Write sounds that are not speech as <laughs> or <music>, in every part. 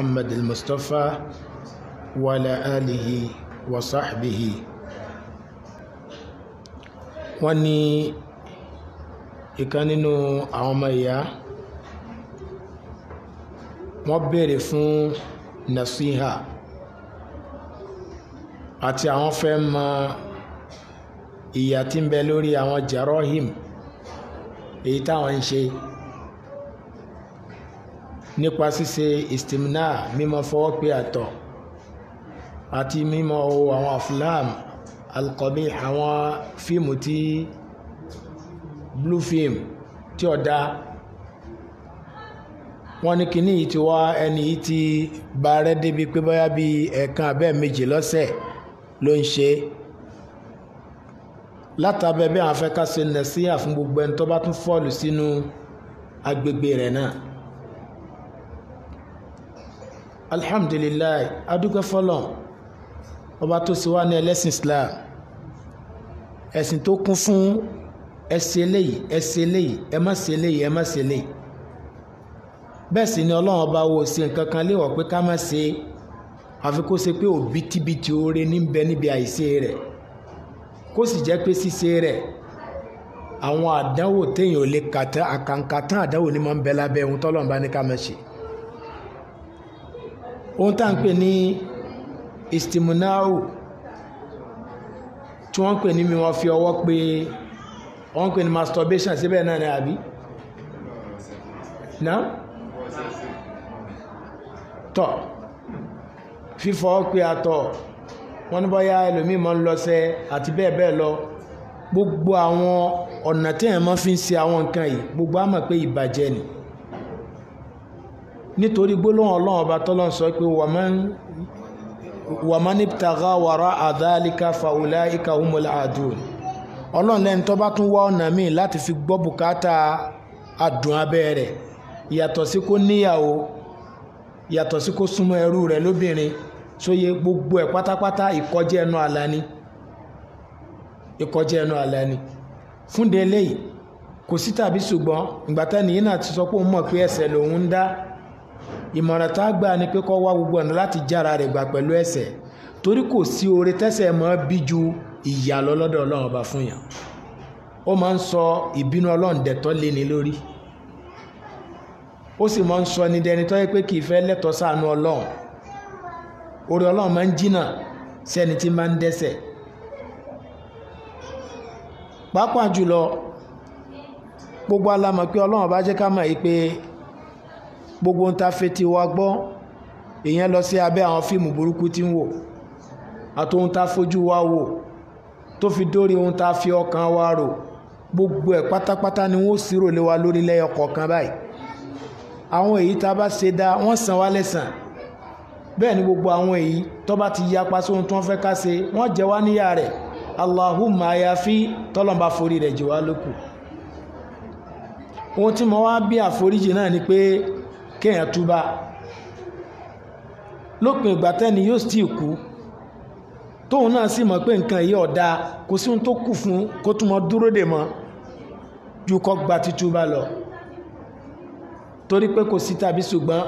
محمد المصطفى وعلى آله وصحبه wọ́n ní ìkan nínú àwọn ọmọ ìyá wọ́n béèrè fún nasiha àti àwọn fẹ́ mọ ìyà tí ń bẹ lórí àwọn jarohim èyí táwọn ń ṣe nípa ṣíṣe istimna mímọ́ fọwọ́ pé àtọ̀ àti mímọ́ wo àwọn aflam alkọ̀bí àwọn fíìmù tí blue film tí ọ̀dà wọ́n ní kíní yìí ti wá ẹni yìí ti ba rẹ́ débi pé bóyá bíi ẹ̀ẹ̀kan abẹ́ méjì lọ́sẹ̀ ló ń ṣe látàbẹ̀ bí àwọn afẹ́ká ṣe nẹ̀ sí àfún gbogbo ẹni tó bá tún fọ́ọ̀lù sínú agbègbè rẹ̀ náà alhamdulilayi adúgbò fọlọ́n ọba tó sì wá ní ẹlẹ́sìn islam ẹ̀sìn tó kún fún ẹsẹ̀ eléyìí ẹsẹ̀ eléyìí ẹ má ṣe eléyìí ẹ má ṣe eléyìí bẹ́ẹ̀ sì ni ọlọ́run ọba wo ṣe nǹkan kan léwọ̀ pé ká má ṣe àfi kó ṣe pé òbítíbitì oore níbẹ̀ níbi àìṣe rẹ̀ kó sì jẹ́ pé ṣíṣe rẹ̀ àwọn àdánwò téèyàn ò lè kàtà àkàǹkàtà àdánwò ni máa ń bẹ lábẹ́ ohun tọ́lọ́run bá ká má ṣe ohun tá à ń pè ní istimunau tí wọ́n ń pè ní mi wọ́n fi ọwọ́ pé wọ́n ń pè ní masturbation síbẹ̀ náà ni àbí ná tọ̀ fífọ́ pé atọ̀ wọ́n ní bọ́yá ẹlòmíì máa ń lọ́sẹ̀ àti bẹ́ẹ̀ bẹ́ẹ̀ lọ gbogbo àwọn ọ̀nà tí èèyàn máa fi ń ṣe àwọn nǹkan yìí gbogbo á mọ̀ pé ìbàjẹ́ ni. nítorí gbólóhùn ọlọ́run ọba tọ́lọ́ sọ pé wàmán ibtagha fa ulaika humul adun ọlọ́run lẹ́ni tó bá tún wá ọ̀nà míì láti fi gbọ́ bùkátà àdùn abẹ́ rẹ̀ yàtọ̀ sí kó níyàwó yàtọ̀ sí kó súnmọ́ ẹrú rẹ̀ lóbìnrin gbogbo ẹ̀ pátápátá ìkọjá ẹnu àlá ni ẹnu àlá ni eléyìí kò sí tàbí ṣùgbọ́n ìgbà náà ti ìmọ̀ràn tá a gbà ni pé wá gbogbo ọ̀nà láti jára rẹ̀ gbà pẹ̀lú ẹsẹ̀ torí kò sí orí tẹ́sẹ̀ mọ́ bí ju ìyà lọ ọlọ́run ọba fún yàn ó máa ń sọ ìbínú ọlọ́run dẹ̀tọ́ léni lórí ó sì máa ń sọ ní dẹni yẹ pé gbogbo pé ọlọ́run jẹ́ ká mọ̀ gbogbo ń ta fetí wa gbọ́ èèyàn lọ sí abẹ́ àwọn fíìmù burúkú tí ń wò àti ohun ta a fojú wa wò tó fi dórí ohun tá a fi ọkàn wa rò gbogbo ẹ̀ pátápátá ni wọ́n sì ròlé wa lórí lẹ́yọ kọ̀ọ̀kan báyìí àwọn èyí tá a bá ṣe dáa wọ́n san wá lẹ́sàn bẹ́ẹ̀ ni gbogbo àwọn èyí tó bá ti yapa sóhun tí wọ́n fẹ́ ká ṣe wọ́n jẹ wá níyà rẹ̀ Allahumma ayafi tọ́lọ́mbà forí rẹ̀ jù wá lókù ohun tí mo wá bí àforíjì náà ni pé kéèyàn túbá lópin ìgbà tẹ́ni yóò sì kú tóun náà sì mọ̀ pé nǹkan yìí ọ̀dà kò sí ohun tó kù fún kó tún mọ dúró dè mọ́ ju kó gba títúbà lọ torí pé kò sí tàbí ṣùgbọ́n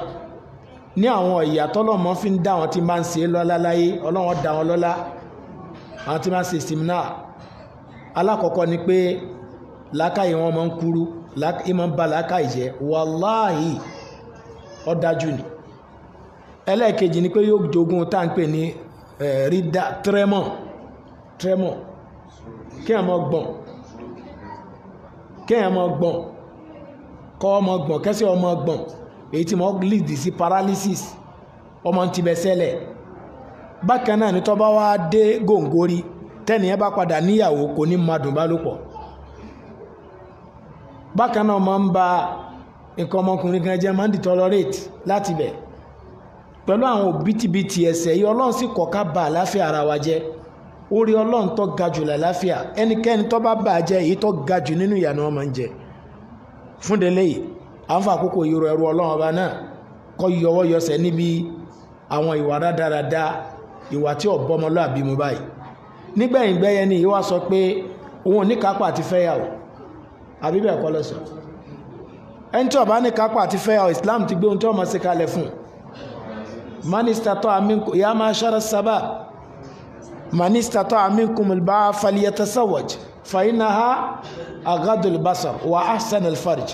ní àwọn ìyà tọ́lọ́mọ fi ń dá àwọn tí máa ń ṣe lọ́lá láyé ọlọ́wọ́n dá wọn lọ́lá àwọn tí máa ń ṣe ìsìmínà alákọ̀ọ́kọ́ ni pé làákàyè wọn máa ń kúrú ìmọ̀ ń ba làákàyè jẹ́ wàláhì ó dájú ni ẹlẹ́ẹ̀kejì ni pé yóò jogún tá à ń pè ní rídà tremor tremor kéèyàn mọ gbọ̀n gbọ̀n kọ́ ọmọ gbọ̀n kẹ́sì ọmọ gbọ̀n èyí tí mo lead sí paralysis ọmọ ti bẹ̀ sẹ́lẹ̀ bákan náà ni tó bá wá dé gòǹgórí tẹ́nìyàn bá padà níyàwó kò ní bá lò nǹkan ọmọkùnrin kan jẹ́ máa ń di tolerate láti bẹ̀ pẹ̀lú àwọn òbítíbitì ẹ̀ṣẹ̀ yìí ọlọ́run sì kọ̀ ká ba àláfíà ara wa jẹ́ orí ọlọ́run tó ga jù làláfíà ẹnikẹ́ni tó bá bà á jẹ́ èyí tó ga jù nínú ìyà ni wọ́n máa ń jẹ fún délé yìí à ń fa àkókò ìrò ẹrú ọlọ́run ọba náà kọ́ yọwọ́ yọsẹ̀ níbi àwọn ìwà rádaràda ìwà tí ò bọ́mọlúàbí báyìí ẹni tí ọba ní kápá àti fẹ́ ọ Islam ti gbé ohun tí ọmọ sí kalẹ̀ fún manista tó aminkum ya ma'shara sábà manista tó aminkum bá falyatasawwaj fa innaha aghadul basar wa ahsan alfarj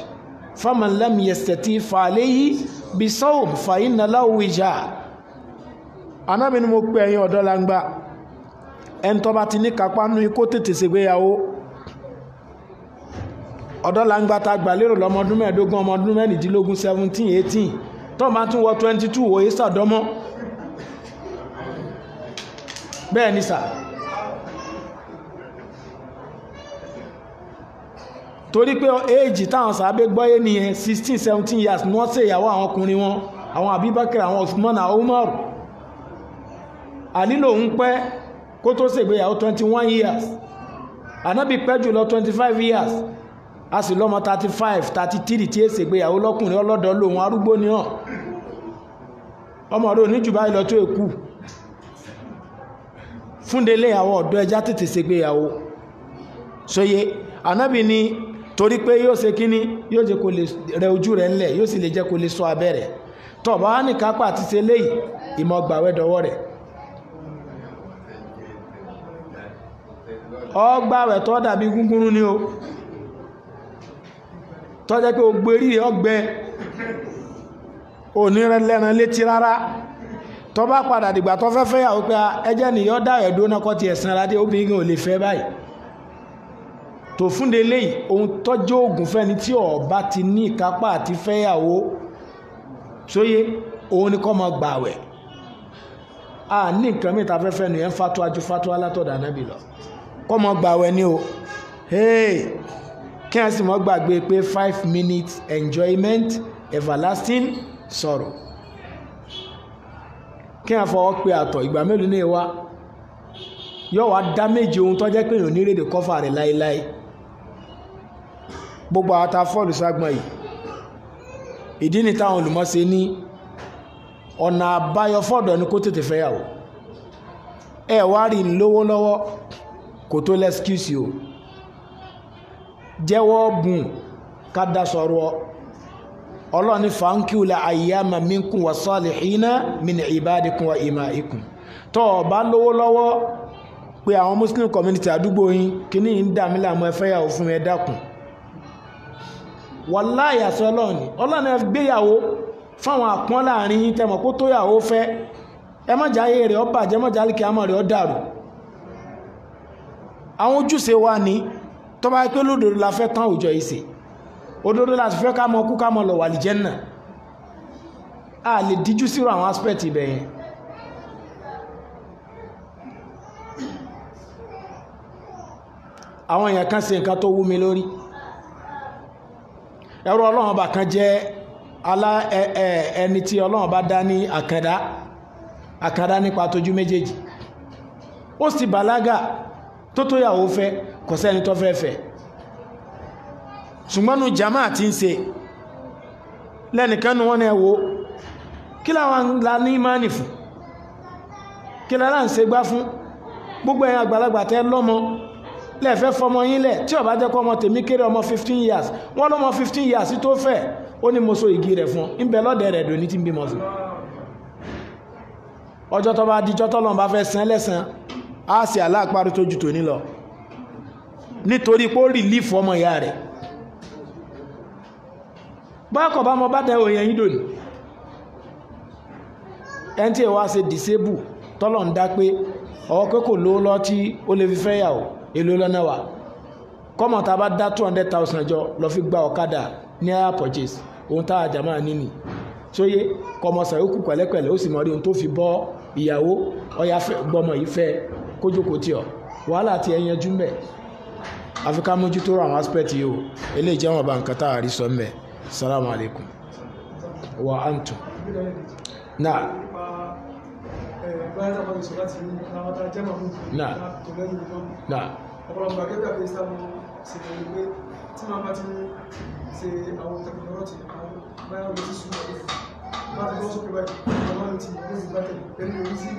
faman lam yastati fa alayhi bisawm fa inna lahu wija mo pe ẹ̀yin ọ̀dọ́ langba ẹni tó bá ti ní kápá nínú ikó tètè ṣègbéyàwó ọ̀dọ́langba ta gbà lérò lọ́mọdún mẹ́ẹ̀ẹ́dógún ọmọdún mẹ́rìndínlógún seventeen eighteen tọ́ọ̀ máa tún wọ twenty two òye sàdọ́mọ́ bẹ́ẹ̀ ni sà torí pé éèjì táwọn sàábé gbọ́yé nìyẹn sixteen seventeen years ni wọ́n ṣe ìyàwó àwọn ọkùnrin wọn àwọn Abubakar àwọn Usman àwọn Umar àní lòun pẹ́ kó tó ṣègbéyàwó twenty one years ànábì pẹ́ jùlọ twenty five years a sì lọ́mọ thirty five thirty three tí èsè gbéyàwó lọ́kùnrin ọlọ́dọ̀ arúgbó ni hàn ọmọ rẹ oníjù báyìí lọ tó èkú fúndélé àwọn ọ̀dọ́ ẹjá tètè ṣègbéyàwó sóye ànábì ni torí pé yóò ṣe kíní yóò jẹ lè rẹ ojú yóò sì lè lè sọ àti ṣe léyìí ni o. tọ́jẹ́ pé ogbó eré ọgbẹ onírẹ́lẹ́ran létí rárá tó bá padà dìgbà tó fẹ́ fẹ́ yàwó pé ah, ẹjẹ́ nìyọ́ dáyọ̀ dóná kọ́ ti ẹ̀sìn ara dé obìnrin ò lè fẹ́ báyìí tó fúnde léyìí ohun tọ́jú oògùn fẹ́ni tí ọba ti ní ìkápá àti fẹ́yàwó sóyè òun ni kọ́ mọ gbàwẹ̀ a ní nǹkan mìta fẹ́fẹ́ nìyẹn fatuwa ju fatuwa látọ̀dà nábì lọ kọ́ mọ gbàwẹ̀ ni o hey kí wọ́n sì mọ́ gbàgbé pé five minutes enjoyment everlasting sorrow kí wọ́n fọwọ́ pé àtọ̀ ìgbà mélòó ní ìwá yóò wá dá méje ohun tó jẹ́ pé èèyàn nírèdè kọ́fà rẹ̀ láéláé gbogbo àwọn ta fọ́ọ̀lù ságbọ̀n yìí ìdí ni táwọn olùmọ̀ọ́sẹ̀ ní ọ̀nà àbáyọ fọ́ọ̀dọ̀ ni kó tètè fẹ́yàwó ẹ̀ wá rí lówó lọ́wọ́ kò tó lẹ́skíùsì o. jẹ́wọ́ bùn ká da sọ̀rọ̀ ọlọ́run ní fàáńkìú la ayyama minkum wa salihina min ibadikum wa imaikum tọ́ àwọn muslim community àdúgbò yín kíní ń dà mí efe ẹ fẹ́yàwó fún mi ẹ dákun wàláyà sọ ọlọ́run ni ọlọ́run gbéyàwó fáwọn àpọ́n láàrin yín kó fẹ́ ẹ má rẹ̀ ọ bàjẹ́ àmọ́ rẹ̀ ọ wa ni tọ́ba pé lódodo la fẹ́ tán òjò ìsè òdodo la fẹ́ ká mọ kú ká mọ lọ wà lìjẹ́ náà a lè díjú sírò àwọn aspect ibẹ̀ yẹn àwọn èèyàn kan ṣe nǹkan tó wú mi lórí ẹrú ọlọ́run ọba kan jẹ́ alá ẹ ẹ ẹni tí ọlọ́run ọba dá ní àkàndá àkàndá nípa tójú méjèèjì ó sì bàlágà tó tó yàwó fẹ́ kò sẹ́ni tó fẹ́ fẹ́ ṣùgbọ́n nu jama ti ń ṣe lẹ́nìkan nu wọ́n ní ẹ̀wọ́ kí láwọn la ní ìmánì fún kí lára ń ṣe gbá fún gbogbo ẹ̀yin àgbàlagbà tẹ́ lọ́mọ lẹ́ẹ̀fẹ́ fọmọ yín lẹ̀ tí ó bá jẹ́ kọ́ ọmọ tèmi kéré ọmọ 15 years wọ́n lọ́mọ 15 years tó fẹ́ ó ní mo so igi rẹ̀ fún ń bẹ lọ́dẹ̀ rẹ̀ dò ní tí ń bímọ fún ọjọ́ tó bá dijọ́ tọ́lọ́n bá fẹ́ san lẹ́san á sì aláàpárò tó ju tòní lọ nítorí pé ó rìlífù ọmọ ìyá rẹ̀ bákan bá mọ bàtà ẹ̀wọ̀ yẹn yídò ní ẹni tí ìwà ṣe disable tọ́lọ̀ ń dá pé ọwọ́ pé kò lówó lọ tí ó lè fi fẹ́ yà ó èlò lọ́nà wa kọ́mọ̀ tá bá dá two hundred thousand jọ lọ fi gba ọ̀kadà ní air purchase ohun tá a jà máa ní nì sóyè kọmọ sàyókù pẹ̀lẹ́pẹ̀lẹ́ ó sì mọ̀ rí ohun tó fi bọ́ ìyàwó ọ̀yà gbọmọ yìí fẹ́ kójókòó tiọ̀ wàhálà tiẹ̀ yanjú mbẹ́ àfi ká mójútó àwọn aspect yìí o eléyìí jẹ́ wọn bá nǹkan tá a rí sọ mẹ́ salamu alaykum wa antu. na na na ọ̀pọ̀lọpọ̀ akẹ́kọ̀ọ́ àti ìsàmù ṣèlérí pé tí màá bá ti ń ṣe àwọn tẹkinọ́lọ́jì àwọn báyọ̀ lójú sùúrù bá ti lọ́sọ̀kẹ́ báyìí àwọn ti ní ìbátẹ̀ pẹ̀lú orí sí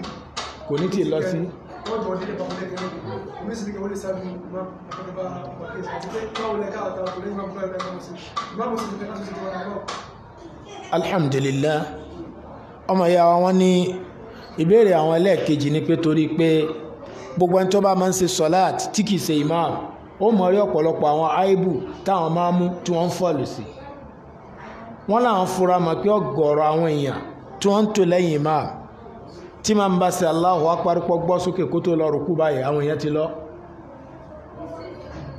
kò ní tí ì lọ sí wọ́n jọ délé papọ̀ lẹ́gbẹ̀ẹ́ lẹ́gbẹ̀ẹ́ omi sì ní kí wọ́n lè sáájú ìmọ̀ àtọ́gbà wàkejì àti pé báwo lẹ káàtà kò lẹ́yìn báwo lẹ káàtà sí ìbámu sì ní kí wọ́n sì ti wọ́n náà. alhamdulillah ọmọ ìyá wa wọn ní ìbéèrè àwọn ẹlẹ́ẹ̀kejì ni pé torí pé gbogbo ẹni tó bá máa ń ṣe sọ́láàt tí kì í ṣe imam ó mọ̀ rí ọ̀pọ̀lọpọ̀ àwọn áìbù táwọn máa mú tí wọ́n ń fọ̀lù sí wọ́n láwọn fura mọ̀ pé ọ̀gọ̀ọ̀rọ̀ àwọn èèyàn tí wọ́n ń tò lẹ́yìn imam tí ma ń bá ṣe Allahu Akbar pọ̀ gbọ́ sókè kó tó lọ rùkú báyìí àwọn èèyàn ti lọ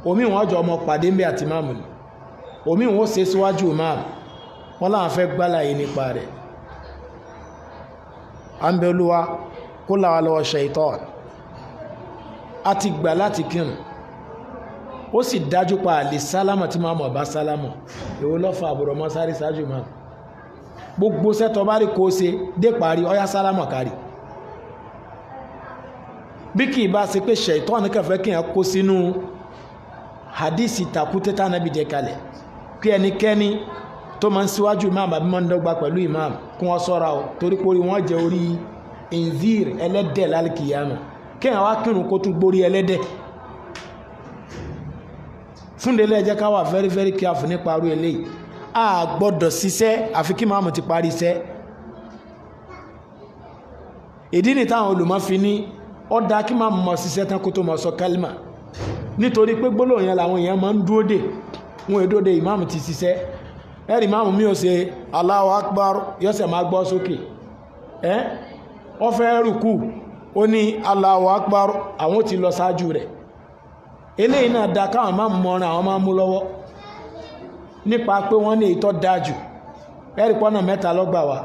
omi wọn jọ ọmọ pàdé ń bẹ àti máàmù ni omi wọn ó ṣe síwájú máàmù wọn láwọn fẹ́ gbálàyé nípa rẹ̀ à ń bẹ olúwa kó làwa lọ́wọ́ ṣaitan a ti gbà láti kírun ó sì dájú pa àlè sálámà tí máàmù ọba sálámà èwo lọ́fà àbúrò mọ́ sáré ṣáájú máàmù gbogbo sẹ́tọ̀ bá rí kó ṣe dé parí ọyá sálámà kárí bí kì í bá ṣe pé ṣètọ́ni kẹfẹ́ kí yẹn kó sínú hadisi takute tá nàbì jẹ kalẹ̀ kí ẹnikẹ́ni tó máa ń síwájú imam àbí máa ń dọ́gba pẹ̀lú imam kí wọ́n sọ́ra o torí pé orí wọn jẹ orí inzir ẹlẹ́dẹ̀ lálùkìyàmù kí yẹn wá kírun kó tún gbórí ẹlẹ́dẹ̀ fúndélé ẹ ká wà very very careful nípa aró eléyìí a gbọ́dọ̀ ṣiṣẹ́ àfi kí imam ti parí iṣẹ́ ìdí nìta àwọn olùmọ̀ fi ní ó dáa kí máa mọ̀ ṣiṣẹ́ tán kó tó mọ̀ sọ kálímà nítorí pé gbólóhùn yẹn làwọn èèyàn máa ń dúró dè wọn èèyàn dúró dè ìmáàmù ti ṣiṣẹ́ ẹ̀rì ìmáàmù mi ò ṣe Allahu Akbar yọ̀sẹ̀ máa gbọ́ sókè ẹ́ ọ fẹ́ rùkù ó ní Allahu Akbar àwọn ò ti lọ ṣáájú rẹ̀ eléyìí náà dáa káwọn máa mọ̀ràn àwọn máa mú lọ́wọ́ nípa pé wọ́n ní ìtọ́ dáa jù ẹ̀rì pọ́nà mẹ́ta lọ́gbà wa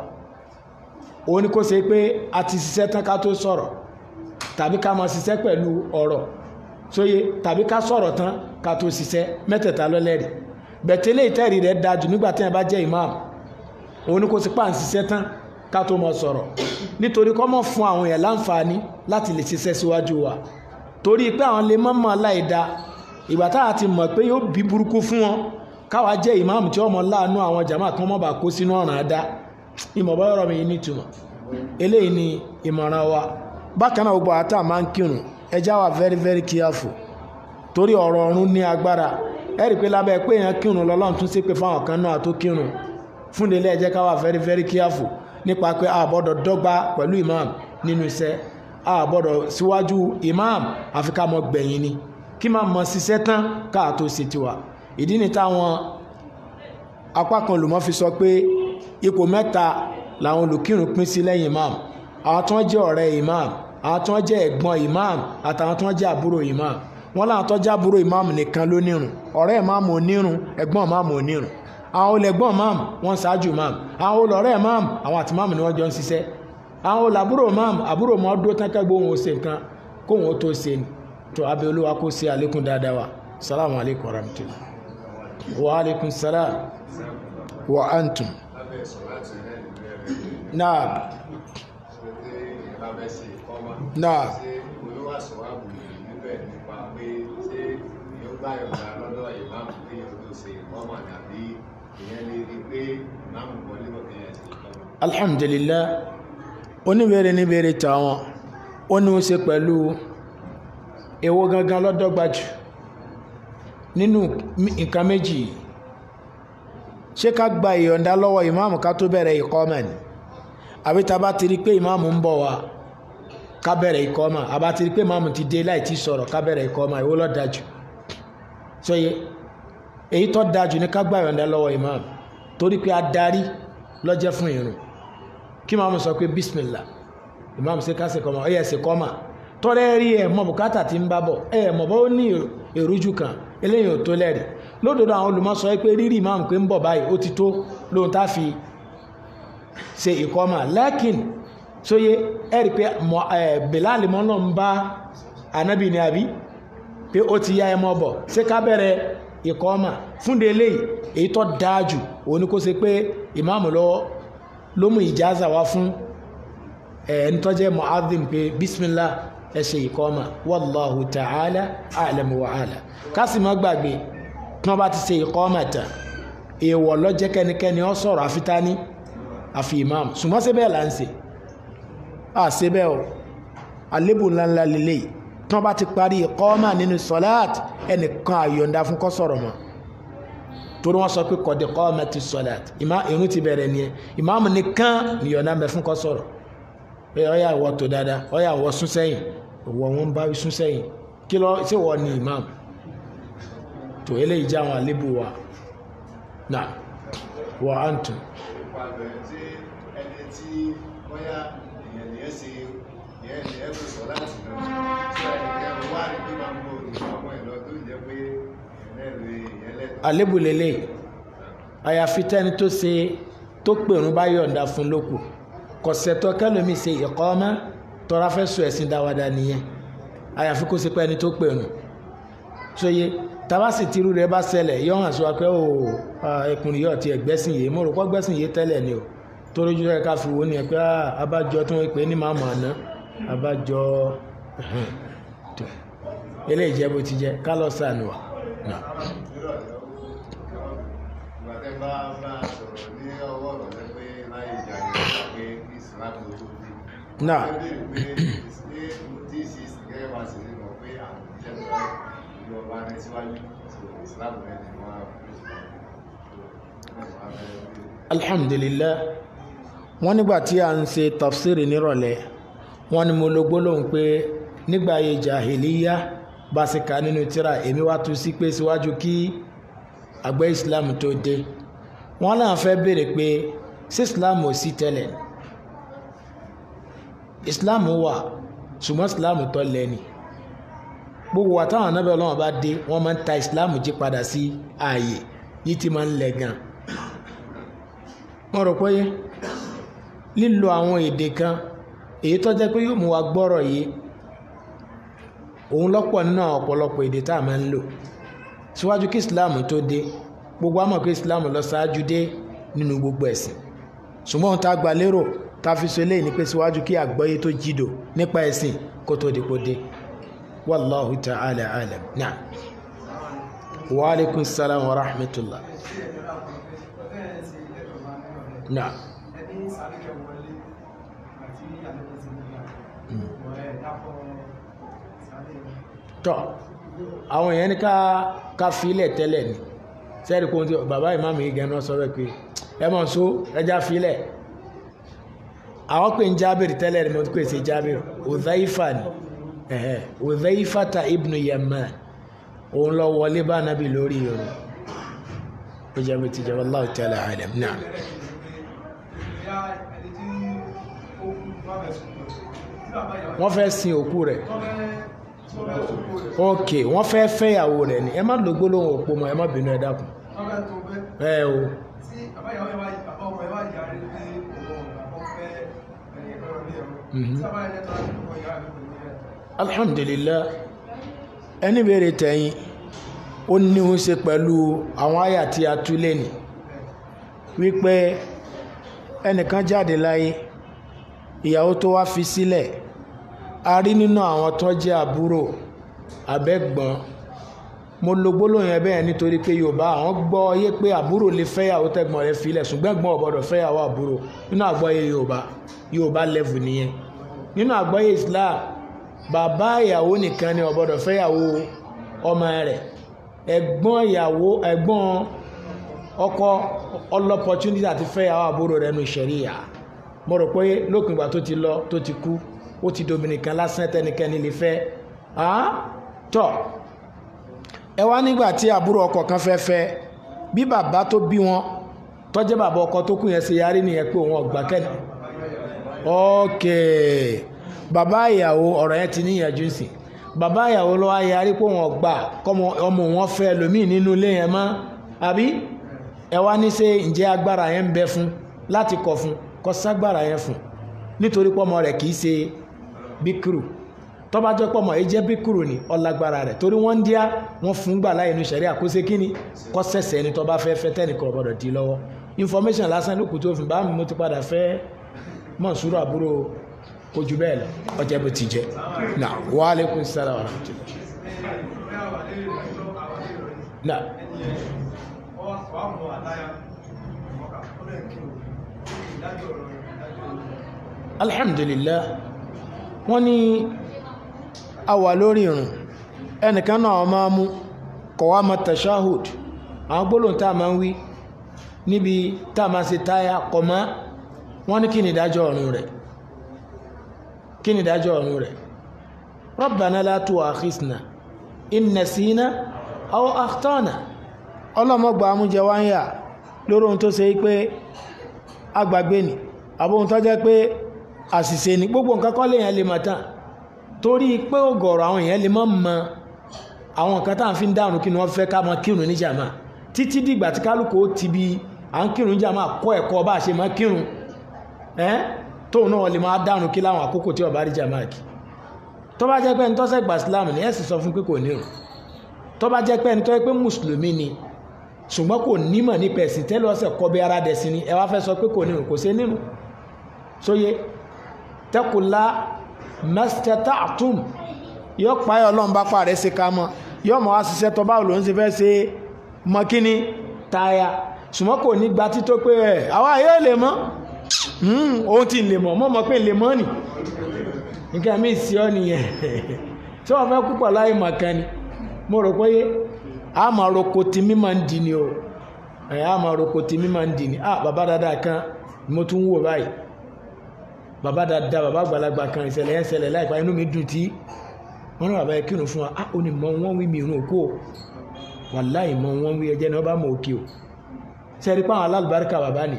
òun ni kó ṣe pé a ti ṣiṣẹ́ tán ká tó sọ̀rọ̀ tàbí ká máa ṣiṣẹ́ pẹ̀lú ọ̀rọ̀ sóye tàbí ká sọ̀rọ̀ tán ká tó ṣiṣẹ́ mẹ́tẹ̀ẹ̀ta lọ́lẹ́rìí bẹ̀tẹ́lẹ̀ ìtẹ́rì rẹ̀ dájú nígbà tí wọ́n bá jẹ́ imam òun ni kò sí páà ń ṣiṣẹ́ tán ká tó máa sọ̀rọ̀ nítorí kọ́ mọ̀ fún àwọn èèyàn láǹfààní láti lè ṣiṣẹ́ síwájú wa torí pé àwọn lè mọ́ mọ́ láìda ìgbà táwa ti mọ̀ pé yóò bí burúkú fún wọn káwa jẹ́ ìmáàmù tí ọmọ láàánú àwọn jàmáà kan mọ̀ bá kó sínú ọ̀ràn àdá ìmọ̀ bọ́yọ̀rọ̀ mi ní ìtumọ̀ eléyìí ni ìmọ̀ràn wa bákan náà gbogbo àtà máa ń kírun ẹ já very very careful torí ọ̀rọ̀ ọ̀run ní agbára ẹ rí i pé lábẹ́ pé èèyàn kírun lọ́lọ́run tún ṣépè fáwọn kan náà tó kírun fún ilé ẹ ká wà very very careful nípa pé a gbọ́dọ̀ dọ́gba pẹ̀lú imam nínú iṣẹ́ a gbọ́dọ̀ síwájú imam àfi ká mọ gbẹ̀yìn ni kí máa mọ ṣiṣẹ́ tán káà tó ṣe tiwa ìdí ni táwọn apá kan olùmọ̀ fi sọ pé ipò mẹ́ta làwọn olùkírun pín sí lẹ́yìn imam àwọn tó ń jẹ́ ọ̀rẹ́ imam àwọn tí wọ́n imam àtàwọn tí wọ́n jẹ́ àbúrò imam wọ́n láwọn tó jẹ́ àbúrò imam nìkan ló nírun ọ̀rẹ́ imam ò nírun ẹ̀gbọ́n imam ò nírun àwọn olẹ̀gbọ́n imam wọ́n ṣáájú imam àwọn olọ̀rẹ́ imam àwọn àti imam ni wọ́n jọ ń ṣiṣẹ́ àwọn olàbúrò imam àbúrò mọ́ dó tánkà gbóhùn ó ṣe nǹkan kóhùn ó tó ṣe ni tó abẹ́ olúwa kó ṣe àlékún dáadáa wa salamu alaykum wa rahmatulah wa alaykum salam wa antum. naam fẹ́ ṣe ìkọ́ wa. náà ṣe bù mí níbẹ̀ nípa pé ṣé yóò gbà yọ̀ǹda lọ́dọ̀ ìmáàmù pé yóò tó ṣe ìkọ́ tàbí ìyẹn lè rí pé ìmáàmù wọlé bọ̀ kẹ́yà ṣe ìkọ́ wa. alhamdulillah oníbèrè níbèrè tàwọn ó ní ó ṣe pẹ̀lú èwo gangan lọ́dọ́gba jù nínú nǹkan méjì ṣé ká gba ìyọ̀ǹda lọ́wọ́ ìmáàmù ká tó bẹ̀rẹ̀ ìkọ́mẹ̀ ni àbí tá a bá ti rí i pé ìmáàmù ń bọ̀ wá ká bẹ̀rẹ̀ ìkọ́mà àbátiri pé máàmù ti dé láì tí sọ̀rọ̀ ká bẹ̀rẹ̀ ìkọ́mà ìwó ló dájú sọye èyí tó dájú ní ká gbà yọ̀ǹda lọ́wọ́ imam torí pé adarí ló jẹ́ fún irun kí máàmù sọ pé bismillah imam ṣe ká ṣe kọ́mà ẹ̀yẹ ṣe kọ́mà tọ́rẹ́ rí ẹ̀ mọ̀ bùkátà ti ń bá bọ̀ ẹ̀ mọ̀ bọ́ ó ní èrújú kan eléyìí ò tó lẹ́rìí lódodo àwọn olùmọ̀sọ pé rírì imam pé ń bọ̀ báyìí ó ti tó lóhun tá fi ṣe ìkọ́mà lẹ́kìn sóye ẹ̀rí pé bèlàlì mọ́ náà ń bá anábì ní àbí pé ó ti yá ẹmọ bọ̀ ṣé ká bẹ̀rẹ̀ ikọ̀ ọmọ fúnde eléyìí èyí tó dáa jù òun ni kó ṣe pé ìmáàmù lọ ló mú ìjáza wá fún ẹni tó jẹ́ mu'adhin pé bismillah ẹ ṣe ikọ̀ ọmọ ta'ala a'lamu wa ala kásìmọ́ gbàgbé tí wọ́n ti ṣe ikọ̀ ọmọ tán èèwọ̀ ló jẹ́ kẹ́nikẹ́ni ó sọ̀rọ̀ àfitání àfi ìmáàmù ṣùgbọ́n àṣebẹ́ o àlébù ńláńlá lélẹ̀ tán bá ti parí kọ́ọ́mà nínú sọ́láàt ẹnìkan àyọ̀ǹda fún kó sọ̀rọ̀ mọ́ torí wọ́n sọ pé kọ̀dé kọ́ọ́mà ti sọ́láàt ìrun ti bẹ̀rẹ̀ nìyẹn ìmáàmù nìkan nìyọ̀ǹda mẹ́ fún kó sọ̀rọ̀ pé ọ̀yà ìwọ tó dáadáa ọ̀yà ìwọ sún sẹ́yìn ìwọ wọn bá sún sẹ́yìn kí lọ sí wọ́n ní ìmáàmù tó eléyìí já àwọn àlébù wa náà wọ́n á ń tún. ọ̀pọ̀ àgbẹ̀ ìyẹn ni ẹ ṣe ìyẹn ni ẹ tó sọ láti lọ ṣé ẹnìkan wá rí pé máa ń bọ ìfọwọ́ ẹ̀ lọ tó jẹ́ pé ìyẹn lẹ́tọ̀ọ́. àlébù lélẹ̀ àyàfi tẹ́ni tó ṣe tó pèrún bá yọ̀ǹda fún lóko kọ̀sẹ̀tọ̀ kẹlòmí ṣe ìkọ́ ọmọ tọ́ra fẹ́ sọ ẹ̀sìn dáwàdà nìyẹn àyàfi kó ṣe pé tó pèrún sóye tabasi tiru rẹ bá ṣẹlẹ̀ yọ hàn pé ó ẹkùnrin yóò ti yìí mo rò pọ́ gbẹ́sìn yìí tẹ́lẹ̀ ni o. torí ojú ẹ̀ ká fi na ó nìyẹn pé ah, abájọ tí wọ́n pè é ní màmú àná abájọ eléyìí jẹ́ bó ti jẹ́ alhamdulillah wọ́n nígbà tí a ń ṣe tafsiri nírọ̀lẹ́ wọ́n ní mo lo gbólóhùn pé nígbà ayé jahiliya bá ṣe kà nínú tíra èmi wá tú sí pé síwájú kí àgbẹ̀ islam tó dé wọ́n náà fẹ́ béèrè pé sí islam ò sí tẹ́lẹ̀ islam wà ṣùgbọ́n islam tó lẹ́ni gbogbo àtàwọn anábẹ́ ọlọ́run bá dé wọ́n máa ń ta islam jí padà sí ààyè yìí ti máa ń lẹ̀ gan-an wọ́n rò pé lílo àwọn èdè kan èyí tó jẹ́ pé yóò mú wa gbọ́rọ̀ yìí òun lọ́pọ̀ nínú àwọn ọ̀pọ̀lọpọ̀ èdè tá a máa ń lò síwájú kí Islam tó dé gbogbo àmọ̀ pé Islam lọ ṣáájú dé nínú gbogbo ẹ̀sìn ṣùgbọ́n ohun tá a gbà lérò tá a fi so eléyìí ni pé síwájú kí àgbọ́yé tó jìdò nípa ẹ̀sìn kó tó dìpò dé wallahu ta'ala alam náà wa alaikum salam náà. tọ́ àwọn èèyàn ní ká ká filẹ̀ ni sẹ́ẹ̀rì kò ń tí bàbá ìmáàmù yìí gẹ̀ẹ́nà sọ bẹ́ẹ̀ pé ẹ mọ̀ so ẹja filẹ̀ àwọn pè ń jábìrì ni mo ti pè sí ta ibn Yaman òun lọ wọlé bá nàbì lórí yorùbá ó jẹ́ bí ti jẹ́ wallahu náà. wọ́n fẹ́ sin ok wọ́n fẹ́ fẹ́yàwó rẹ̀ ni ẹ má lo gbólóhùn òpó mọ́ ẹ má bínú ẹ dákun. ẹ o. Mhm. alhamdulillah ẹni béèrè tẹ̀yìn ó níhun ṣe pẹ̀lú àwọn àyà tí a tú lẹ́nìí wípé ẹnìkan jáde láyé ìyàwó tó wá fi sílẹ̀. Si a rí nínú àwọn tó jẹ́ àbúrò abẹ́gbọ́n mo lo gbólóhùn yẹn bẹ́ẹ̀ nítorí pé yorùbá àwọn gbọ́ yé pé àbúrò lè fẹ́yàwó tẹ́gbọ́n rẹ̀ filẹ̀ ṣùgbọ́n ẹ̀gbọ́n ò gbọ́dọ̀ fẹ́yàwó àbúrò nínú àgbọ́yé yorùbá yorùbá level nìyẹn nínú àgbọ́yé islam bàbá ìyàwó nìkan ni ò gbọ́dọ̀ fẹ́yàwó ọmọ rẹ̀ ẹ̀gbọ́n ìyàwó ẹ̀gbọ́n ọkọ ọlọ́pọ̀tunity àti fẹ́yàwó àbúrò rẹ̀ nù ṣẹ̀ríyà mo rò pé lópin ìgbà tó ti lọ tó ti kú ó ti dominikan lásán tẹnikẹ́ni lè fẹ́ tọ́ ẹ wá nígbà tí àbúrò ọkọ kan fẹ́ fẹ́ bí bàbá tó bí wọn tó jẹ́ bàbá ọkọ tó kù yẹn ṣe yarí nìyẹn pé òun ọ̀gbà kẹ́ni okay bàbá ìyàwó ọ̀rọ̀ yẹn ti níyànjú sí bàbá ìyàwó ló wá yarí pé òun ọ̀gbà ọmọ wọn fẹ́ lómìn nínú ilé yẹn mọ́ àbí ẹ wá ní ṣe ǹjẹ́ agbára yẹn ń bẹ fún láti kọ̀ fún kọ́ ságbára yẹn fún nítorí pé ọmọ kì í ṣe bíkúrò tó bá jẹ́ pọ̀mọ̀ èyí jẹ́ bíkúrò ní ọlágbára rẹ̀ torí wọ́n ń díá wọ́n fún gbà láyé inú sẹ̀rí àkóso kíni kọ́ sẹ̀sẹ̀ ẹni tó bá fẹ́ fẹ́ tẹ́nìkan ọ̀bọ̀dọ̀ di lọ́wọ́ information lásán ló kù tó fi bá mi mo ti padà fẹ́ mọ̀súrò àbúrò kojú bẹ́ẹ̀ lọ ọjọ́ bó ti jẹ́ na wàhálẹ́kùn sára wà náà alhamdulillah wọ́n ní a wà lórí ìrùn ẹnìkan náà máa kọ̀wá ma tashahud àwọn gbólóhùn tá a máa ń níbi tá a máa ṣe táyà kọ̀mọ́ wọ́n ní kí ni ìdájọ́ ọ̀run rẹ̀ kí ni ìdájọ́ ọ̀run rẹ̀ rabbana la na in nasina aw ọlọ́mọgbà amújẹ wáyà lórí ohun tó ṣe pé ni àbóhun tó jẹ́ pé àṣìṣe ni gbogbo nǹkan kọ́ lèèyàn lè mọ̀ tán torí pé ọ̀gọ̀rọ̀ àwọn èèyàn lè mọ̀ mọ̀ àwọn nǹkan tá à ń fi ń dànù kí ni wọ́n fẹ́ ká mọ kírun níjàmá títí dìgbà tí kálukú ó ti bi à ń kírun níjàmá kọ́ ẹ̀kọ́ bá a ṣe mọ́ kírun ẹ́n tóun náà lè máa dànù kí láwọn àkókò tí ọba níjàmá kì tó bá jẹ́ pé ẹni tó ṣe gbà sílámù ni ẹ sì sọ fún pé kò nírun tó bá jẹ́ pé ẹni tó yẹ pé mùsùlùmí ni ṣùgbọ́n kò nímọ̀ nípa ẹ̀sìn tẹ́lẹ̀ ọ̀sẹ̀ kọ́ bí ara dẹ̀ sí ni ẹ wá fẹ́ sọ pé kò nírun kò ṣe nírun sóye so tẹ́kùlá mẹ́sítẹ́tàtùm yóò páyọ̀ ọlọ́run bá pa rẹ̀ ṣe ká mọ́ yóò mọ̀ wá ṣiṣẹ́ tọ́ báwo ló ń ṣe fẹ́ ṣe mọ́ kíní táyà ṣùgbọ́n kò ní gba tító pé ẹ̀ àwa yóò lè mọ́ òun hmm, ti lè mọ̀ mọ́ mọ́ pé lè mọ́ nì nǹkan mi sí ọ nìyẹn tí <laughs> wọ́n fẹ́ púpọ̀ láì mọ̀ kan ni mo rò pé a máa roko tí mi máa ń di ni o a máa roko tí mi máa ń di ni ah bàbá dáadáa kan mo tún wò báyìí bàbá dáadáa bàbá àgbàlagbà kan ìṣẹ̀lẹ̀ yẹn ṣẹlẹ̀ láìpẹ́ inú mi dùn tí wọ́n náà bàbá yẹn kírun fún wa á ah, ò ní mọ wọ́n wí mi ìrún òkú o wàláì mọ wọ́n wí ẹjẹ́ ni wọ́n bá mọ òkè o sẹ́rí pa àwọn alálùbáríkà bàbá ni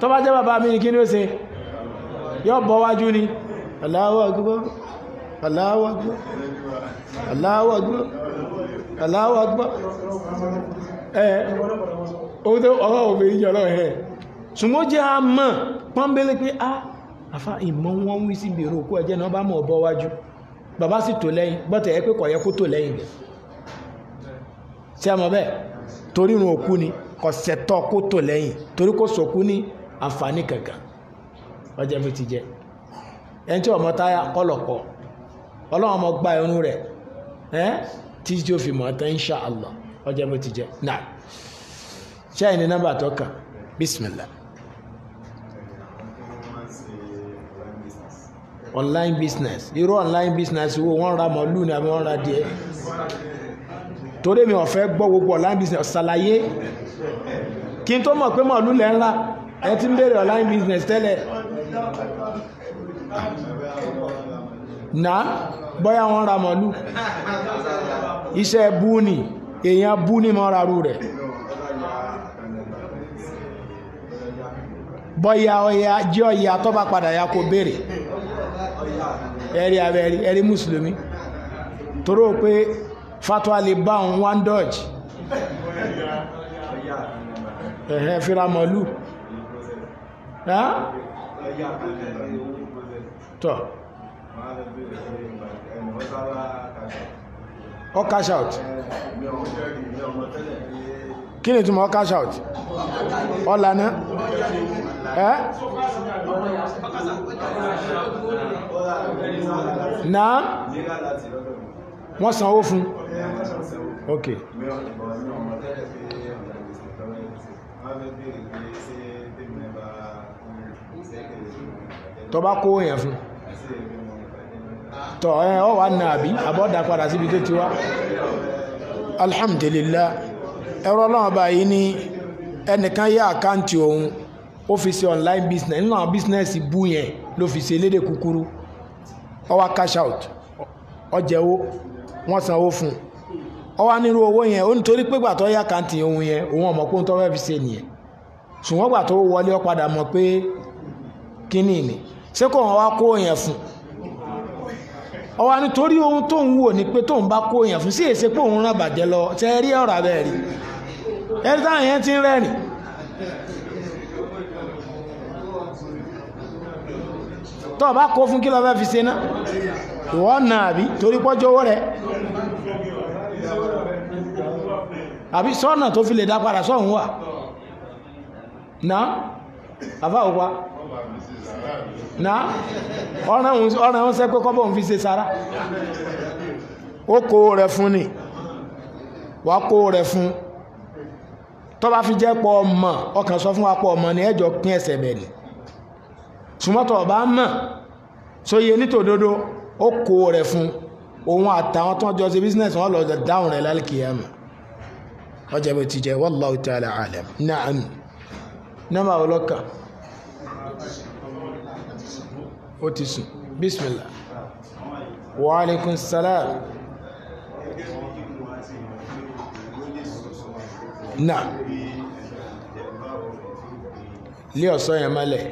tó bá jẹ́ bàbá mi ni kí ni ó ṣe yóò bọ́ wájú ni Allahu Akbar Allahu Akbar Allahu Akbar Allahu Akbar ẹ̀ ọwọ́ òfin yọ̀ lọ́wọ́ ẹ̀ ṣùgbọ́n àmọ́ pọ́nbélé a ah, fa ìmọ̀ wọn wí síbi ìrò òkú ẹ̀jẹ̀ náà bá mọ̀ ọ̀bọ wájú bàbá sì tò lẹ́yìn gbọ́tẹ̀ ẹ pé kó lẹ́yìn bẹ́ẹ̀ torí ìrun òkú ni kò kó lẹ́yìn torí kò sòkú ní àǹfààní kankan ọjọ́ mi ti jẹ ẹni tí ọmọ táyà ọmọ gba irun rẹ̀ ẹ́ tí ó fi online business irú online business wo wọ́n ra màálù ni àbí wọ́n ra díẹ̀ torí mi ò fẹ́ gbọ́ gbogbo online business ṣàlàyé kí n tó mọ̀ pé màálù lẹ́ ń rà ẹ ti ń béèrè online business tẹ́lẹ̀ náà bọ́yá wọ́n ra màálù iṣẹ́ bú ni èèyàn bú ni mọ́ ra rú rẹ̀ bọ́yá ọya jẹ́ ọya tó bá padà ya kó béèrè ẹ̀rí abẹ́rí ẹ̀rí mùsùlùmí toró pé fatwa lè bá òun one dodge ẹ̀hẹ́ fira tọ́ ọ cash out kí ni túmọ̀ cash out ọ̀lànà ẹ́ na wọ́n sanwó fún ok tọba kó èèyàn fún tọ ẹ ọ wà nà àbí àbọ̀dà padà síbi tó ti wá alhamdulillah ẹ̀rọ ọlọ́run báyìí ní ẹnìkan yá àkáǹtì òun ó fi ṣe online business nínú àwọn business bú yẹn ló fi ṣe lédè kúkúrú ó cash out ó jẹ́wó wọ́n sanwó fún un ó wá nírú owó yẹn ó nítorí pé gbà tó yá àkáǹtì òun yẹn òun ọmọ pé òun tó fi ṣe nìyẹn ṣùgbọ́n gbà wọlé ó padà mọ̀ pé kíní ni ṣé kò wọ́n wá kó yẹn fún un ọwọ́ nítorí ohun tó ń wò ní pé tó ń bá kó èèyàn fún sí èsè pé òun rán bàjẹ́ lọ tẹ́ rí ọ̀rọ̀ abẹ́ rí ẹni táwọn yẹn ti ń rẹ́rìn tó o bá kó fún kí lọ fẹ́ fi ṣe ná ìwọ nà àbí torí pọ́jọ́ owó rẹ̀ àbí sọ́nà tó fi lè dá padà sọ́hún wà náà àbáwọ̀ pa. naa ọ̀ràn ń sẹ́ pé kọ́bọ̀ ń fi ṣe sára ó kó rẹ̀ fún ni wà kó rẹ̀ fún fi jẹ́ pọ̀ ọmọ ọkàn sọ fún wa pọ̀ ọmọ ni ẹjọ́ pín ẹsẹ̀ bẹ̀rẹ̀ sùmọ́tọ̀ bá mọ̀ sóye nítòdodo ó kó rẹ̀ fún òun àtàwọn tó ń jọ ṣe business wọn lọ dáhùn rẹ̀ ọjà bó ti jẹ́ ó ti sùn bísmìlá wàhálẹ́kùn salam Na. lé ọ̀sọ́ yẹn mọ́lẹ̀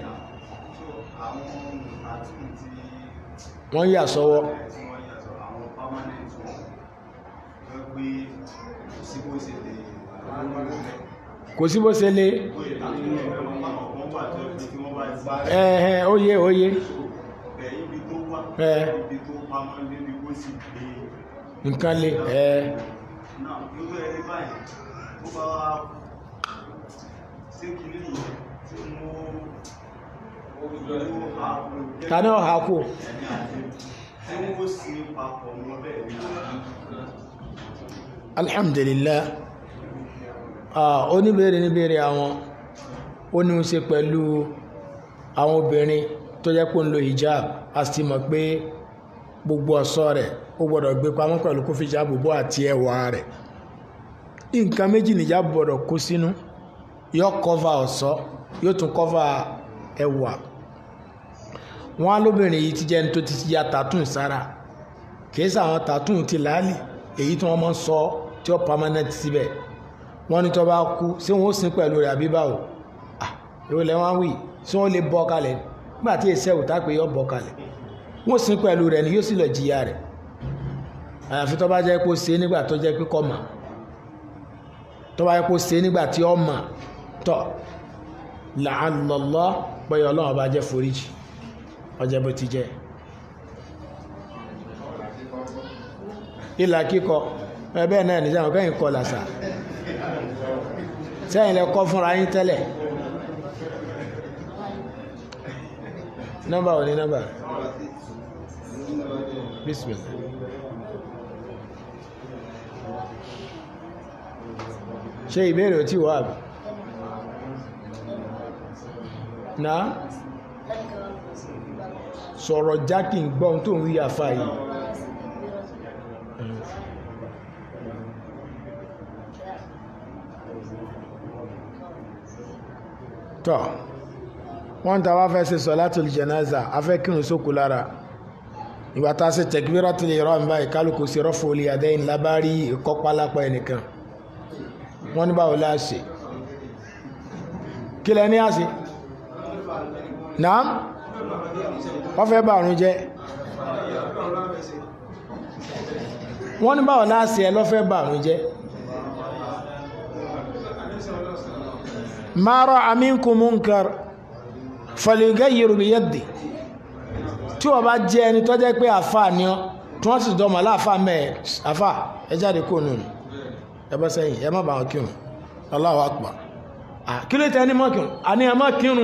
wọ́n yà sọ́wọ́ kò sí bó ṣe lé ẹ̀ẹ́n ó yé ibi tó pamọ́ lé ni ó sì gbé nǹkan lé. náà irú ẹni báyìí tó bá tani ọha kú. alhamdulillah oníbèrè níbèrè àwọn ó pẹ̀lú àwọn obìnrin tó jẹ́ pé ń lo hijab a sì mọ̀ pé gbogbo ọ̀ṣọ́ rẹ̀ ó gbọ́dọ̀ gbé pamọ́ pẹ̀lú kó fi jáàbò bò àti ẹwà rẹ̀ nǹkan méjì nìjà gbọ́dọ̀ kó sínú yóò kọ́fà ọ̀ṣọ́ yóò tún kọ́fà ẹwà wọn á lóbìnrin yìí ti jẹ́ ní tó ti ya tàtún sára kìí sàwọn tàtún ti láàlì èyí tí wọ́n máa ń sọ tí ó permanent síbẹ̀ wọ́n ní tó bá kú ṣé wọ́n ó sin pẹ̀lú rẹ̀ àbí báwo ah ìrọ̀lẹ́ wọn wì ṣé wọ́n lè bọ́ kalẹ̀ ni nígbà tí èsì ẹ̀wò tá pé yọ bọ̀ kalẹ̀ sin ni yóò sì lọ jìyà rẹ̀ àyàfi tó bá jẹ́ pé ó nígbà tó jẹ́ pé kọ́ mà tó bá jẹ́ nígbà tí ọba jẹ foríjì bó ti jẹ́ ìlà kíkọ ẹbẹ́ náà nìjàmọ́ kẹ́yìn kọ làṣà sẹ́yìn lẹ kọ́ nọ́mbà ò ní nọ́mbà bismillah. ṣe ìbéèrè tí wà bí na sọ̀rọ̀ jákì ń gbọ́n tó ń rí àfà yìí tọ́ wọ́n ta wá fẹ́ ṣe solatul janaza a fẹ́ kírun sókù lára ìgbà tá a ṣe takbiratul ihram báyìí kálukú sí raful yadayn lábárí ìkọ́pálápá ẹnìkan wọ́n ní báwo la ṣe kí lẹ ní àṣẹ naam wọ́n fẹ́ bàrún jẹ́ wọ́n ní báwo la ṣe ẹ lọ́fẹ́ bàrún jẹ́ ma ra'a minkum munkar. fọlẹ́gẹ́ yorùbá yẹ́dì tí wọ́n bá jẹ́ ẹni tó jẹ́ pé àfa ni ọ́ tí wọ́n sì dọ́mọ̀ láàfa mẹ́ẹ̀ àfa ẹ jáde kó nù ẹ bọ́ sẹ́yìn ẹ má bàa kírun Allahu akbar kí ló tẹ ẹni mọ́ kírun àní ẹ má kírun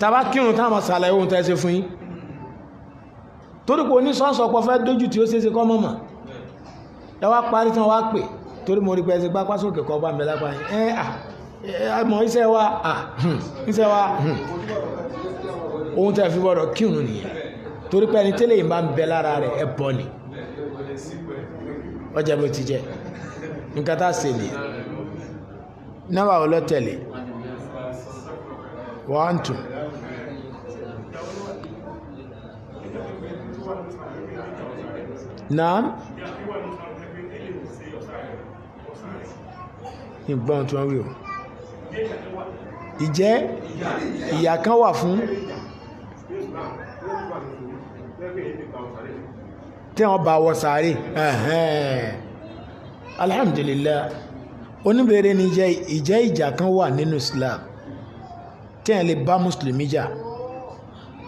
tàbá kírun táwọn sàlàyé ohun tẹ́ ṣe fún yín torí pé oníṣọ́ọ̀ṣọ́ pọ̀ fẹ́ dójú tí ó ṣe é ṣe kọ́ mọ̀mọ́ ẹ wá parí tí wọ́n wá pè torí mo rí pé gbá pásókè kọ́ bá mi lápá yín ẹ à Eh, àmọ́ iṣẹ́ wa hmm, iṣẹ́ wa hmm, ohun tẹ́ fi gbọ́dọ̀ kírun nìyẹn torí pé ẹni tẹ́lẹ̀ yìí máa ń bẹ lára rẹ̀ ẹ bọ́ ni ọjà bó ti jẹ nǹkan tá a ṣe nìyẹn nọ́mbà wo ló tẹ̀lé one two. naam ìgbọ́n tí wọ́n wí o ìjẹ́ ìyà kan wà fún tí wọ́n bá wọ sàárè alhamdulillah oníbèrè ni ìjẹ́ ìjà kan wà nínú Islam tí wọ́n lè bá mùsùlùmí jà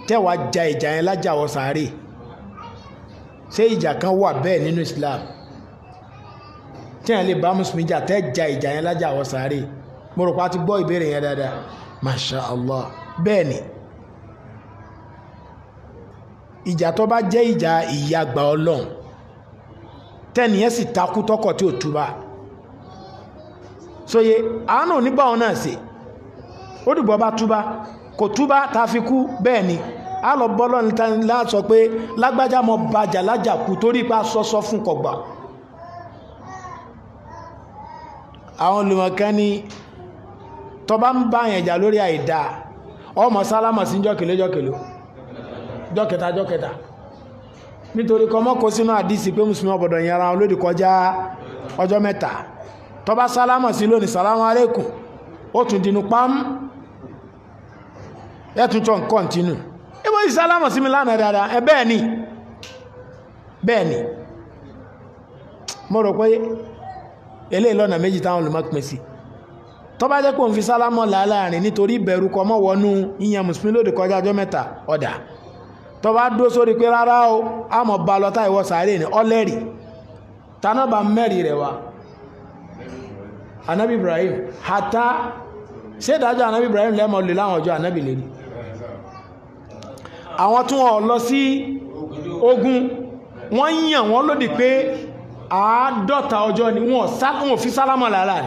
tẹ́wàá ja ìjà yẹn lájà wọ sàárè ṣé ìjà kan wà bẹ́ẹ̀ nínú Islam tí wọ́n lè bá mùsùlùmí jà tẹ́ ja ìjà yẹn lájà wọ mo rò pa ti gbọ́ ìbéèrè yẹn dáadáa masha allah bẹ́ẹ̀ ni ìjà tó bá jẹ́ ìjà ìyàgbà ọlọ́run tẹ́ni yẹn sì takú tọkọ̀ tí ò túbà sóye àánú nígbà wọn náà ṣe ó dìbò bá túbà kò túbà tá a fi kú bẹ́ẹ̀ ni a lọ bọ́lọ́ níta láàsọ pé lágbájá mọ bàjà lájà kú torí pé sọ́sọ́ fún kọ̀gbà àwọn olùmọ̀kan ní tó bá ń bá yẹn jà lórí àìdá ọmọ sálámà sí jọ́kèlé jọ́kèlé jọ́kẹta jọ́kẹta nítorí kọ́ mọ́kó sínú àdísì pé yẹn ara olódì kọjá ọjọ́ mẹ́ta tó bá sálámà sí lónìí sálámà alékùn ó tún dinú pam sí mi lánàá dáadáa ẹ bẹ́ẹ̀ ni bẹ́ẹ̀ ni mo rò pé méjì táwọn tó bá jẹ́ pé òun fi sálámọ̀ láàárín nítorí ìbẹ̀rù kọ mọ́ wọnú ìyẹn mùsùlùmí lòdì kọjá ọjọ́ mẹ́ta ọ̀dà tó bá dúró sórí pé rárá o àmọ̀ ba lọ́tà ìwọ sàárè ní ọlẹ́rì táná bá rẹ̀ wá anabi ibrahim hata ṣé ìdájọ́ anabi ibrahim lẹ́mọ̀ lè láwọn ọjọ́ anabi lè ní àwọn tún ọ̀ lọ sí ogun wọ́n yàn wọ́n lòdì pé àádọ́ta ọjọ́ ni wọ́n fi sálámọ̀ láàárín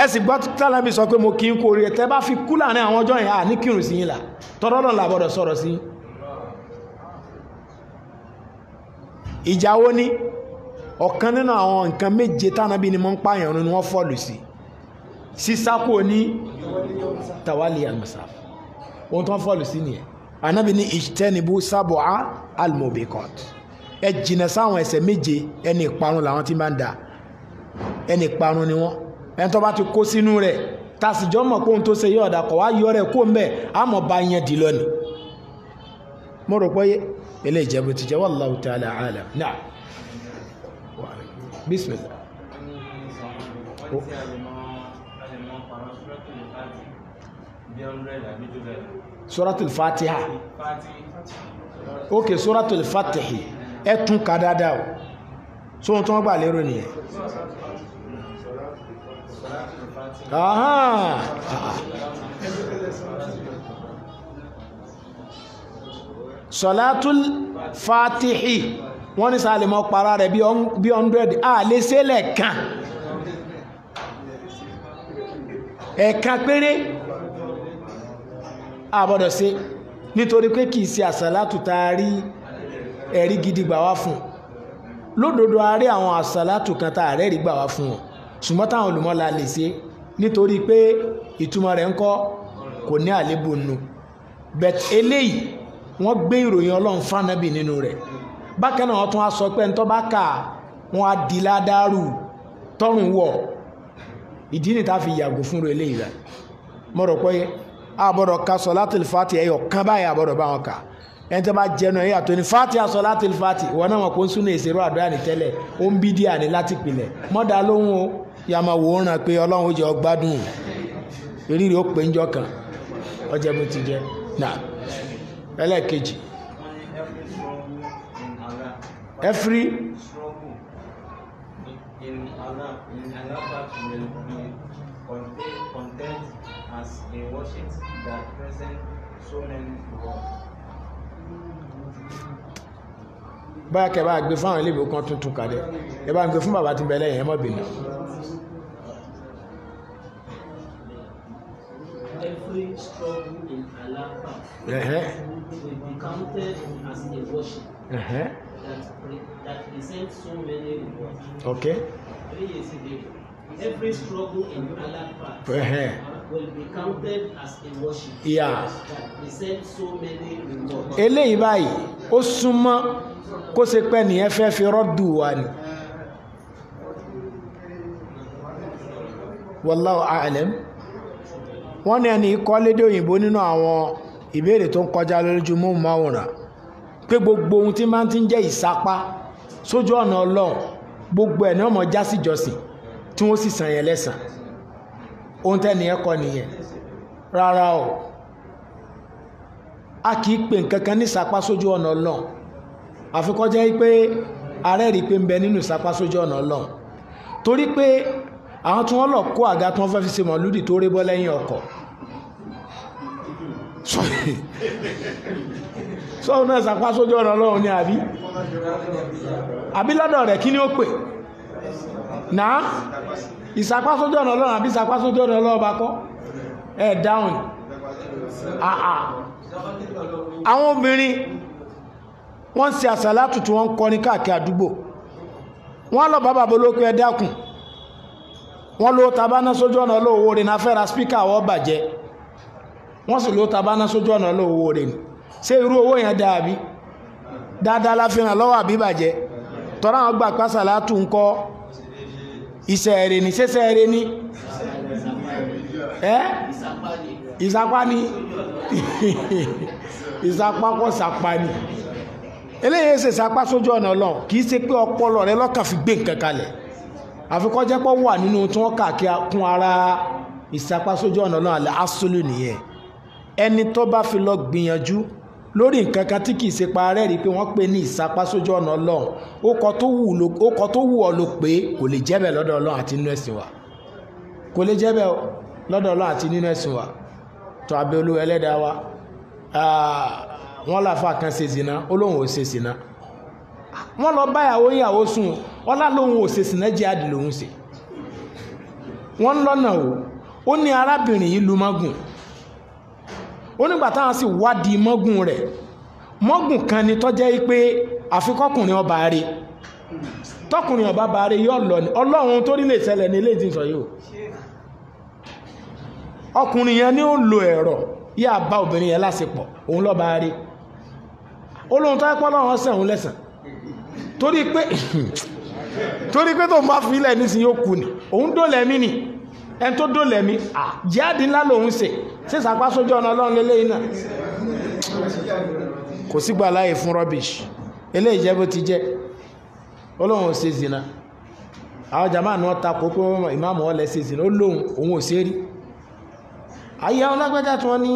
ẹsì gbọ́ tánàbí sọ pé mo kí n kú orí ẹ̀tẹ́ bá fi kú láàrin àwọn ọjọ́ ìhà ní kírùn sí ìlà tọ́rọ́lọ́n làbọ̀dọ̀ sọ̀rọ̀ sí ìjàwó ní ọ̀kan nínú àwọn nǹkan méje tánàbí ni mo ń pààyàn ní wọ́n fọ́ọ̀lù sí sísákò ní tawali almasaf ohun tó ń fọ́ọ̀lù sí nìyẹn anábì ní ìtẹ́nibú sábọ̀ á almobicot ẹ jìnà sáwọn ẹsẹ̀ méje ẹni ìparun làwọn ti máa ń da ẹni ìparun ni wọ́n ẹni tó bá ti kó sínú rẹ̀ tàṣìjọ́ mọ̀ pé ohun tó ṣe yí ọ̀dà kọ̀ wá yọ rẹ̀ kó ń bẹ̀ àmọ́ bá yẹn dì lọ́nìí mo rò pé ilé ìjẹ́bù ti jẹ́ wallahu ta'ala alam náà bismillah. suratul fatiha ok suratul fatihi ẹ tún ka dáadáa o sóhun tí wọ́n gbà lérò nìyẹn. कहाँ sọlátúl fatihi wọ́n ní sáà lè mọ́ para rẹ̀ bí 100 a lè ṣe lẹ́ẹ̀kan ẹ̀kan péré àbọ̀dọ̀ ṣe nítorí pé kìí ṣe àsàlátù tá ẹ̀rí gidi gbà wá fún lódodo a rí àwọn àsàlátù kan tá a gbà wá fún wọn ṣùgbọ́n táwọn olùmọ́la lè ṣe nítorí pé ìtumọ̀ rẹ̀ ń kọ́ kò ní àlébù nù but eléyìí wọ́n gbé ìròyìn ọlọ́run fánábì nínú rẹ̀ bákan náà wọ́n tún á sọ pé ntọ́ bá kà wọ́n á di ládàrú tọrùn wọ̀ ìdí ni tá a fi yàgò fún eléyìí rẹ̀ mo rò pé àbọ̀dọ̀ ka sọ̀látìl fati ẹ̀yọ̀ kan báyìí àbọ̀dọ̀ bá wọn kà ẹni tó bá jẹnu ẹ̀yà tó ní fati sọ̀látìl fati ìwọ náà wọn kò ń súnú ìṣerú àdúrà ní tẹ́lẹ̀ ó ń bídíà ní láti pilẹ̀ mọ́dà lóhùn o yà máa wò ó ràn pé ọlọ́run ó jẹ́ ọ gbádùn rírì ó pè ń jọ kan ọjọ́ bó ti jẹ́ náà ẹlẹ́ẹ̀kejì every in Allah, in Allah will be content, as a worship that present so many báyà kẹ bá gbé fáwọn iléèwé kan tuntun kàdẹ ẹ bá gbé fún bàbá tí bẹ ẹ mọ bìnrin. Every struggle in Allah uh-huh. will be counted as a worship uh-huh. that, that presents so many rewards. Okay. Every struggle in Allah uh-huh will be counted as a worship. Yeah. That present so many rewards. eléyìí báyìí ó súnmọ́ kó ṣe pé nìyẹn fẹ́ fi rọ́dù wa ni. wallahu a'lam wọ́n ní ẹni kọ́ lédè òyìnbó nínú àwọn ìbéèrè tó ń kọjá lójú mú máwòrán pé gbogbo ohun tí máa ti ń jẹ́ ìsapá sójú ọ̀nà ọlọ́run gbogbo ẹ̀ ní ọmọ jásìjọsìn tí wọ́n sì san yẹn lẹ́sàn-án ohun tẹ́nìyẹn kọ nìyẹn rárá o a kì í pè nkankan ní ìsapá sójú ọ̀nà Ọlọ́run àfikọ́ pé ààrẹ rí i pé ń bẹ nínú ìsapá sójú ọ̀nà Ọlọ́run torí pé àwọn tí wọ́n lọ kó àga tí wọ́n fẹ́ fi ṣe mọ̀lúdì tó lẹ́yìn ọkọ̀ náà sójú ọ̀nà ni àbí ìsapá sójú ọ̀nà ọlọ́run àbí ìsapá sójú ọ̀nà ọlọ́run bá kọ́ ẹ̀ dáhùn ah, ah. àwọn obìnrin wọ́n ń ṣe àsàlátù tí wọ́n ń kọrin káàkiri àdúgbò wọ́n lọ bàbá bolókè ẹ dákun wọ́n ló tabaná sójú ọ̀nà olówó rẹ̀ náà fẹ́ra spíkà wọ́n bàjẹ́ wọ́n sì ló tabaná sójú ọ̀nà olówó rẹ̀ ni irú owó yẹn dáa dáadáa la lọ́wọ́ àbí bàjẹ́ tọ́ra àwọn gbà pásálátù ń kọ́ iṣẹ́ ẹ̀rẹ́ ní ṣẹ́ṣẹ́ ẹ̀rẹ́ ní ẹ́ ìsapá ní ìsapá kọ́ sapá ní eléyìí ṣe sapá sójú ọ̀nà ọlọ́run kì í ṣe pé ọpọlọ rẹ lọ́kàn fi gbé nǹkan kalẹ̀ àfikọ́ jẹ́ pọ́ wà nínú tí wọ́n kàkí kún ara ìsapá sójú ọ̀nà ọlọ́run àlẹ́ asólù nìyẹn ẹni tó bá fi lọ gbìyànjú lórí nǹkan kan tí kì í ṣe parẹ́ rí i pé wọ́n pè ní ìsapá sójú ọ̀nà ọlọ́run ó kọ tó wù ọ́ ló pé kò lè jẹ́ bẹ́ẹ̀ lọ́dọ̀ ọlọ́run àti nínú ẹ̀sìn wa kò lè jẹ́ bẹ́ẹ̀ lọ́dọ̀ ọlọ́run àti nínú ẹ̀sìn wa tó abẹ́ olúwa ẹlẹ́dàá wa wọ́n láfa kan ṣe zina ó lóun ò ṣe zina wọ́n lọ báyàwó ìyàwó sùn ọlá lóun ò ṣe zina jẹ́ àdì lòun ṣe wọ́n lọ́nà o ó ní arábìnrin yìí lu mágùn onígbà táwọn sì wádìí mọ́gùn rẹ̀ mọ́gùn kan ni tọ́jẹ́ pé àfikọ́kùnrin ọba rẹ̀ tọkùnrin ọba bá rẹ̀ yọ lọ ní ọlọ́run tó rí lè ṣẹlẹ̀ ní ilé ìtìsọ̀ yìí ọkùnrin yẹn ni ó lo ẹ̀rọ yá bá obìnrin yẹn lásìpọ̀ òun lọ́ba rẹ̀ olóhun tó ẹpọ́ lọ́wọ́ sẹ̀ òun lẹ́sàn torí pé <laughs> torí pé tó ń bá fi ilẹ̀ nísìnyí ó kù ni òun dólẹ̀ mí ni ẹni tó dólẹ̀ mi jíáàdì ńlá lòun ṣe ṣé sàpá sójú ọ̀nà ọlọ́run lélẹ́yìn náà kò sígbà láàyè fún rubbish eléyìí jẹ́ bó ti jẹ́ olóhùn ṣe zina àwọn jàmáà ni wọ́n ta kó pé ìmáàmù ọ̀lẹ́ ṣe zina ó lóhùn òun ò ṣe rí ayé àwọn lágbájá tí wọ́n ní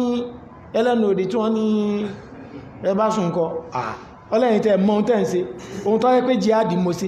ẹlẹ́nu òdì tí wọ́n ní ẹ bá sùn kọ ọlẹ́yìn tẹ́ mọ́ ohun tẹ́ ń ṣe ohun tó yẹ pé jíáàdì mo ṣe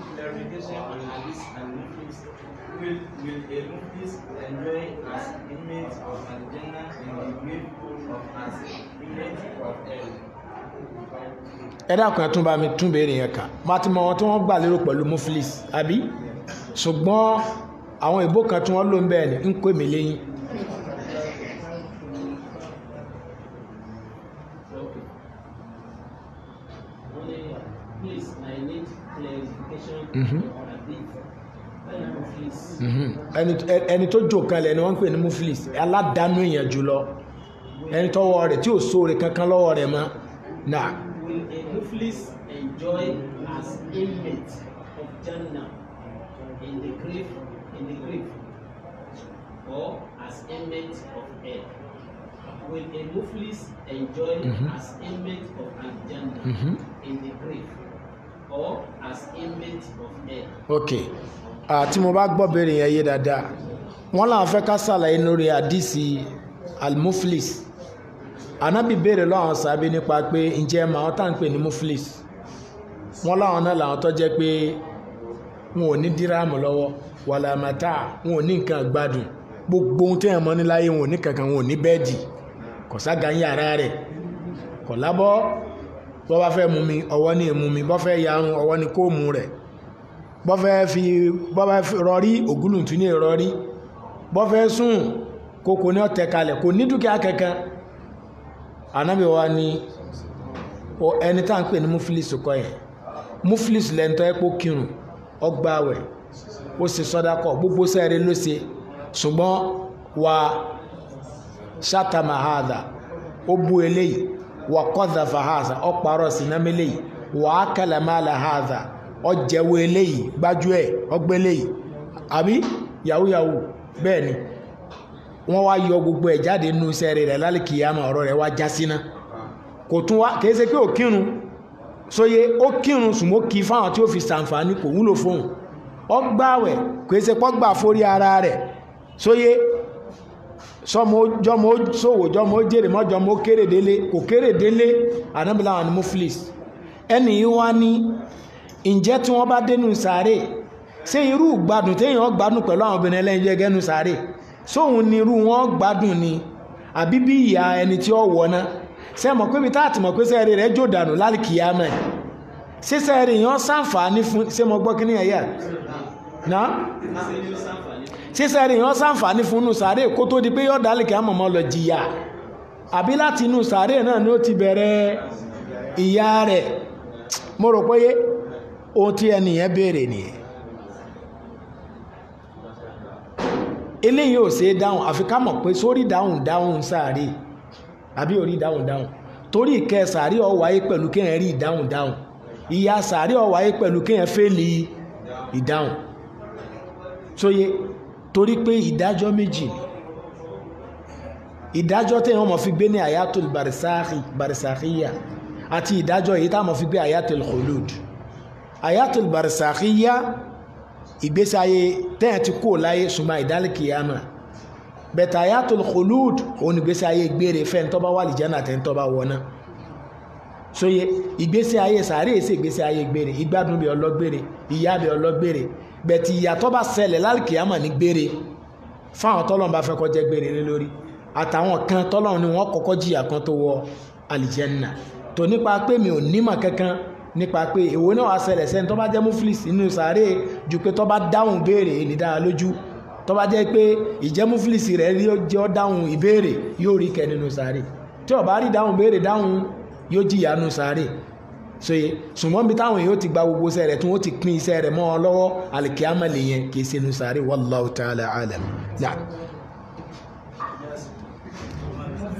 will, will a Mufis enjoy as inmates of Al-Jannah and the grateful of as inmates of hell? ẹ dákun ẹ tún bá mi tún béèrè yẹn kà má ti mọ àwọn tí wọ́n gbà lérò pẹ̀lú muflis àbí ṣùgbọ́n àwọn ìbò kan tí wọ́n lò ń bẹ́ẹ̀ ni ń kó èmi lẹ́yìn. Mm-hmm. Mhm. ẹni tó jò kanlẹ̀ ni wọ́n ń pè ní muflis aládàánú èèyàn jùlọ ẹni tọ́wọ́ rẹ̀ tí ò sóore kankan lọ́wọ́ rẹ̀ mọ́ náà. a muflis enjoy as inmate of Jannah in the grave in the grave or a muflis enjoy mhm. mhm. Okay. àti mo bá gbọ́ béèrè yẹn yé dáadáa wọ́n làwọn fẹ́ ká ṣàlàyé lórí àdìsí almuflis anabi béèrè lọ́wọ́n sàbí nípa pé ǹjẹ́ màwọn tá pè ní muflis wọ́n làwọn náà làwọn tó jẹ́ pé wọn ò ní dírámù lọ́wọ́ gbogbo ohun mọ́ níláyé wọn ò ní kankan wọn ò ní bẹ́ẹ̀dì kò ń yàrá rẹ̀ kò lábọ́ bọ́ bọ́ fẹ́ fi bọ́ rọrí ògúlùntún ní ìrọrí bọ́ kòkò ní ọ̀tẹ̀ kalẹ̀ kò ní ẹni tá ní mufilisi kọ́ yẹn mufilisi lẹ́ńtọ́ ẹ̀pọ̀ kírun ọgbà wẹ̀ ó sì sọ́dá kọ́ gbogbo sẹ́ẹ̀rẹ́ ló ṣe ṣùgbọ́n wà ó eléyìí wà ọ eléyìí gbájú ẹ̀ ọgbẹ́ eléyìí àbí yahoo yahoo ni wọ́n wá yọ gbogbo ẹ̀ jáde nínú iṣẹ́ rẹ̀ lálẹ́kìyàmọ̀ ọrọ rẹ̀ wá já síná kò tún wá í ṣe pé ò kírun sóye ó kírun sùnmọ́ kí fáwọn tí ó fi ṣàǹfààní kò wúlò fóun ó gbààwẹ̀ kìí ṣe pọ́gbà forí ara rẹ̀ sóye sọmọ jọmọ sòwò jọmọ jèrè mọ́jọmọ kéré délé kò kéré délé ànábìlà àwọn ni mo flis yìí wá ní ǹjẹ́ tí wọ́n bá dénú sáré ṣé irú gbádùn téèyàn gbádùn pẹ̀lú àwọn obìnrin ẹlẹ́yin jẹ́ gẹ́nu sáré sóhun ni irú wọn gbádùn ni àbí bí ìyá ẹni tí ó wọ̀ náà ṣe mọ̀ pé bíi táàtì mọ̀ pé sẹ́ẹ̀rì rẹ̀ jò dànù lálìkìyà mọ̀ ẹ̀ ṣé sẹ́ẹ̀rì yẹn sàǹfààní fún ṣé mo gbọ́ kíní ẹ̀yà náà ṣé sẹ́ẹ̀rì yẹn sàǹfààní fún inú sáré kó tó di pé yọ̀ dálìkìyà mọ̀ lọ jìyà àbí láti inú sáré náà ni ó ti bẹ̀rẹ̀ ìyá rẹ̀ mo rò pé ohun tí ẹnìyẹn béèrè nìyẹn eléyìí ò ṣe é dáhùn àfi ká mọ̀ pé sórí dáhùn dáhùn sáàrí àbí orí dáhùn dáhùn torí ìkẹ́ sàárì ó wáyé pẹ̀lú kéèyàn rí ìdáhùn dáhùn ìyà sàárì ó wáyé pẹ̀lú kéèyàn fẹ́ẹ̀lì ìdáhùn sóye torí pé ìdájọ́ méjì ni ìdájọ́ téèyàn mọ̀ fi gbé ní ayatul barisakhi àti ìdájọ́ èyí tá mọ̀ fi gbé ayatul khulud ayatul barisakhiya ìgbésí ayé tẹ́yàn ti kó láyé ṣùgbọ́n ìdálékìyàmà bẹ̀tà ayatul khulud òun ìgbésí ayé gbére fẹ́ ntọ́ba wà lìjánà àti ntọ́ba wọná sóye ìgbésí ayé sàárè èsì ìgbésí ayé gbére ìgbádùn bí ọlọ́gbére ìyà bí ọlọ́gbére bẹ̀tì ìyàtọ̀ bá ṣẹlẹ̀ lálùkìyàmà ní gbére fáwọn tọ́lọ́n bá fẹ́ kó jẹ́ gbére lé lórí àtàwọn kan tọ́lọ́n ni wọ́n kọ́kọ́ jìyà kan tó wọ àlìjẹ́nà tó nípa pé mi ò nímọ̀ kankan nípa pé èwo náà wá ṣẹlẹ̀ sẹ́ni tó bá jẹ́ muflis nínú sàárè ju pé tó bá dáhùn béèrè ní dára lójú tó bá jẹ́ pé ìjẹ́ muflis rẹ̀ yóò jẹ́ ọ́ dáhùn ìbéèrè yóò rí kẹ́ nínú sàárè tí ó bá rí dáhùn béèrè dáhùn yóò jìyà nínú sàárè soye ṣùgbọ́n bí táwọn yóò ti gba gbogbo iṣẹ́ rẹ̀ tí wọ́n ti pín iṣẹ́ rẹ̀ mọ́ ọ lọ́wọ́ alikiyama lè yẹn kì í ṣe nínú sàárè wallahu ta'ala alam náà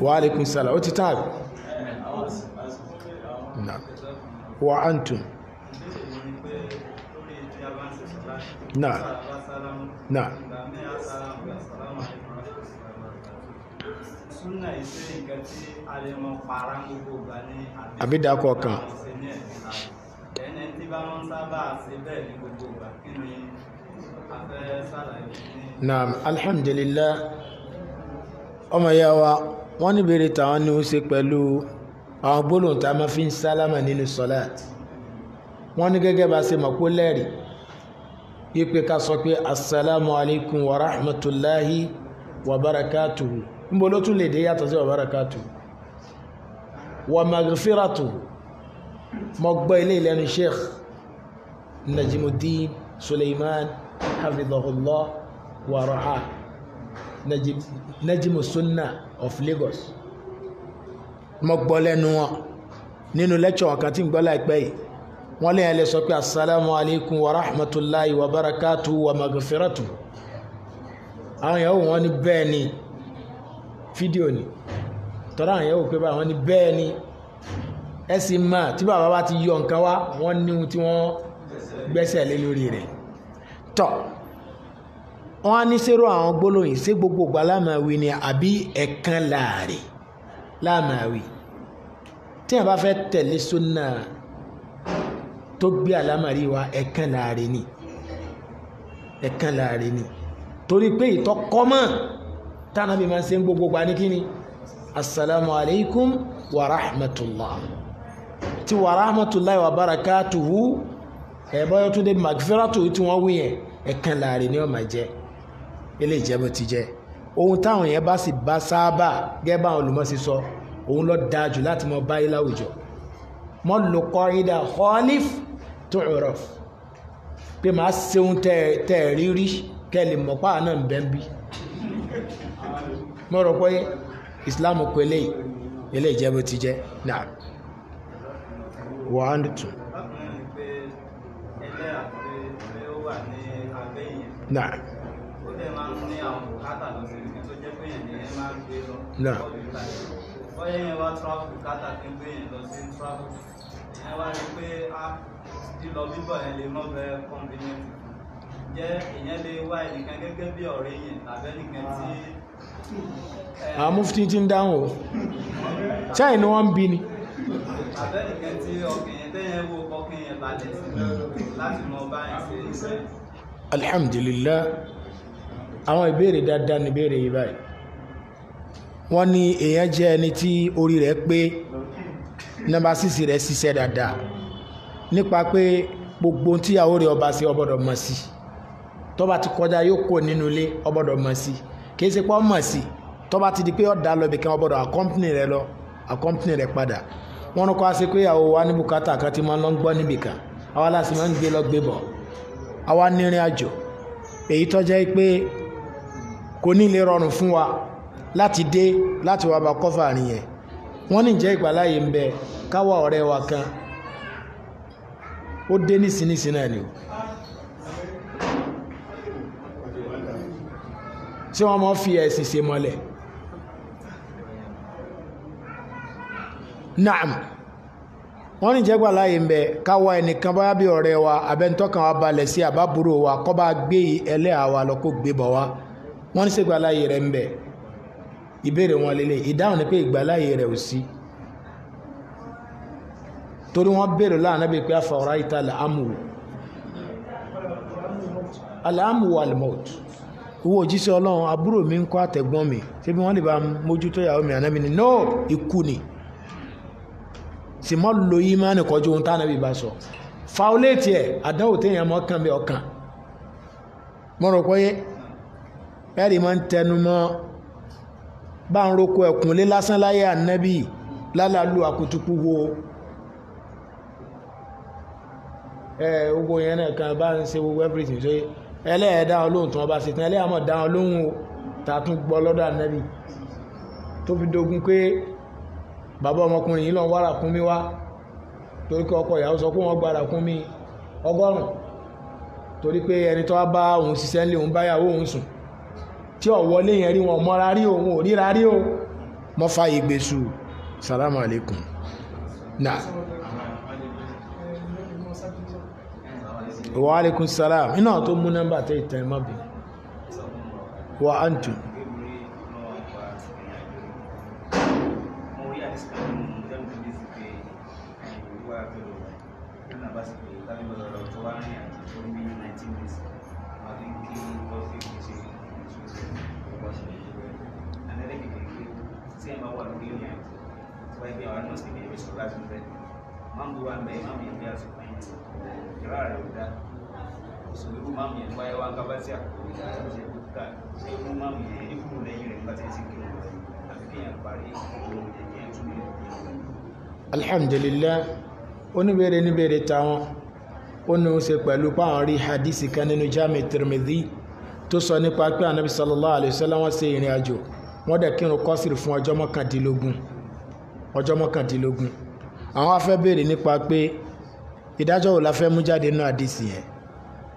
wa alaikum salaam ó ti tán wa antum náà náà àbí dakọ̀ kan naam alhamdulillah ọmọ ìyá wa wọ́n ní ìbéèrè tàwọn ní ó ṣe pẹ̀lú àwọn gbólóhùn tá a máa fi ń sálámà nínú sọláàt wọ́n ní gẹ́gẹ́ bá ṣe mọ̀ pé lẹ́rìí yípe ká sọ pé assalamu alaikum wa rahmatulahi wa barakatuhu níbo ló tún lè dé yàtọ̀ sí wa barakatuhu wa magfiratuhu mo gbọ́ ilé ìlẹ́nu sheikh najimuddin suleiman hafidhahullah wa raha najimu sunna of lagos mo gbọ́ lẹ́nu wọn nínú lẹ́kṣọ̀ wọn kan tí ń gbọ́ láìpẹ́ yìí wọ́n lè yẹn lè sọ pé asalaamu alaykum wa rahmatulahi wa barakatu wa magafiratu àwọn yẹn wò wọ́n ní bẹ́ẹ̀ ni fídíò ni tọ́lá àwọn yẹn wò pé báyìí wọ́n ní bẹ́ẹ̀ ni ẹ sì tí bàbá bá ti yọ nǹkan wá wọ́n ní tí wọ́n gbẹ́sẹ̀ lé lórí rẹ̀ tọ́ wọ́n á ní sẹ́rọ àwọn gbólóyìn sí gbogbo gbàlámà wí ni àbí ẹ̀kan láàrin láàmàwí tí a bá fẹ́ tẹ̀lé súnà tó gbé àlámàrí wa ẹ̀kan láàrin ni ẹ̀kan láàrin ni torí pé ìtọ́kọ́mọ̀ tánàbí máa ń ṣe ń gbogbo gba ní kíni assalamu alaikum wa rahmatullah ti wa rahmatullah wa barakatuhu ẹ̀bọ́yọ́ tó dé magfiratu tí wọ́n wí yẹn ẹ̀kan láàrin ni ó máa jẹ́ ilé ìjẹ́bọ̀ ti jẹ́ ohun táwọn yẹn bá sì bá sáábà gẹ́gẹ́ bá àwọn olùmọ̀ọ́sí sọ òun ló dáa jù láti mọ báyìí láwùjọ mọ́ lò kọ́ ìdá khalif tu'raf pé màá ṣe ohun tẹ́ ẹ̀ rí rí kẹ́ ẹ lè mọ̀ páà náà ń bẹ́ ń bí mo rò pé islam kọ eléyìí eléyìí jẹ́ bó ti jẹ́ náà wàá tún. náà gbé lọ. bọ́yá yẹn wá travel kátà kí n gbé yẹn lọ sí travel yẹn wá rí pé a ah, lílọ bíbọ̀ yẹn lè mọ́ bẹ́ẹ̀ convenient jẹ́ ìyẹn lè wá ẹnìkan gẹ́gẹ́ bí ọ̀rẹ́ yẹn tàbẹ́nìkan tí ah. eh, àwọn mufti ti ń dáhùn o ṣáà ni wọ́n ń bi ni. abẹ́nìkan tí ọkùnrin tẹ́yẹ̀ wo ọkùnrin balẹ̀ láti mọ báyìí ṣe é. alhamdulillah àwọn ìbéèrè dáadáa ni ìbéèrè yìí báyìí wọ́n ní èèyàn jẹ́ ẹni tí orí rẹ̀ pé nọ́mbà sísì rẹ̀ ṣiṣẹ́ dáadáa nípa pé gbogbo tíyàwó rẹ̀ ọba sí ọbọ̀dọ̀ mọ̀ sí tọ́ba ti kọjá yóò kó nínú ilé ọbọ̀dọ̀ mọ̀ sí kì ṣe pé ọ sí tọ́ba ti di pé ọ̀dà lọ bìkan ọbọ̀dọ̀ àkọ́mpìnì rẹ̀ lọ àkọ́mpìnì rẹ̀ padà wọ́n ní kó a ṣe pé ìyàwó wa ní bùkátà kan ti máa ń lọ gbọ́ níbìkan àwa láti máa ń gbé lọ gbé bọ̀ àwa ní ìrìn àjò èyí tọ́já pé kò ní lè rọrùn fún wa láti dé láti wá bá kọ́fà rìn yẹn wọ́n ní ìjẹ́ ìgbàláyè ń bẹ káwa ọ̀rẹ́ wa kan ó dé nísinsìnyí náà ni o tí wọ́n mọ̀ fi ẹ̀sìn ṣe mọ́lẹ̀ naam wọ́n ní ìjẹ́gbà láàyè ń bẹ káwa ẹnìkan bá bí ọ̀rẹ́ wa abẹ́ntọ́kàn wa balẹ̀ sí àbábúrò wa kọ́ bá gbé ẹlẹ́hàá wa lọ kó gbé bọ̀ wá wọ́n ní ṣègbà rẹ̀ ń bẹ ìbéèrè wọn lélẹ̀ ìdáhùn ni pé ìgbàláyè rẹ̀ ò sí torí wọ́n béèrè láàánú bíi pé afọ̀rọ̀ ìta làámù aláàmù wà lèmọ́t owó òjíṣẹ́ ọlọ́run àbúrò mi ń kọ́ àtẹ̀gbọ́n mi ṣé bí wọ́n lè bá mójútó ìyàwó mi ànábi ni no ikú ni sì mọ́ lo ìmánì kọjú ohun tánábi bá sọ fáwọlẹ́ẹ̀tì ẹ̀ àdánwò téèyàn mọ́ kàn bí ọkàn mo rò ẹ̀rì máa ń tẹnu mọ́ bá ń roko ẹ̀kúnlé lásán láyé ànábì lálàlú àkútúkúwó ẹ ogbó yẹn náà kan bá ń ṣe gbogbo everything ṣe ẹlẹ́ẹ̀dá olóhùn tí wọ́n bá ṣe tán ẹlẹ́yàmọ̀ dá olóhùn o tààtún gbọ́ lọ́dọ̀ ànábì tó fi dogun pé bàbá ọmọkùnrin yìí lọ wá ràkúnmí wá torí pé ọkọ ìyàwó sọ pé wọ́n gba ràkúnmí ọgọ́rùn-ún torí pé ẹni tó wá bá òun ṣiṣẹ́ ńlẹ̀ òun báyàwó òun sùn tí ọ̀wọ́lé yẹn rí wọn mọ́ra rí òun ò ríra rí o mọ́ fàyè gbèsù salamu alaikum na wa alaikum salam iná tó mú nọ́mbà tẹ́ ìtẹ́ mọ́bí wa antum máa wà lórí ìrìn àjò tí wọ́n gbé àwọn nọ́ọ̀sì ìgbìyànjú sọ láti ń bẹ̀ máa ń bu wa mẹ́ máa ń yẹn bí a sùn pẹ́yìn ìrà rẹ̀ ò dá òṣèlú máa ń yẹn wáyé wá ń kábá sí àkókò ìjà àti ìjà ṣé ó máa ń yẹn ní kúrò lẹ́yìn rẹ̀ alhamdulillah oníbèrè níbèrè táwọn ó ní ó ṣe pẹ̀lú páwọn rí hadisi kan nínú jami tirmidhi tó sọ nípa pé anabi sallallahu alayhi wa sallam wọ́n ṣe wọ́n dẹ̀ kírun kọ́sìrì fún ọjọ́ mọ́kàndínlógún ọjọ́ mọ́kàndínlógún àwọn afẹ́ béèrè nípa pé ìdájọ́ wo la fẹ́ mú jáde nínú àdìsí yẹn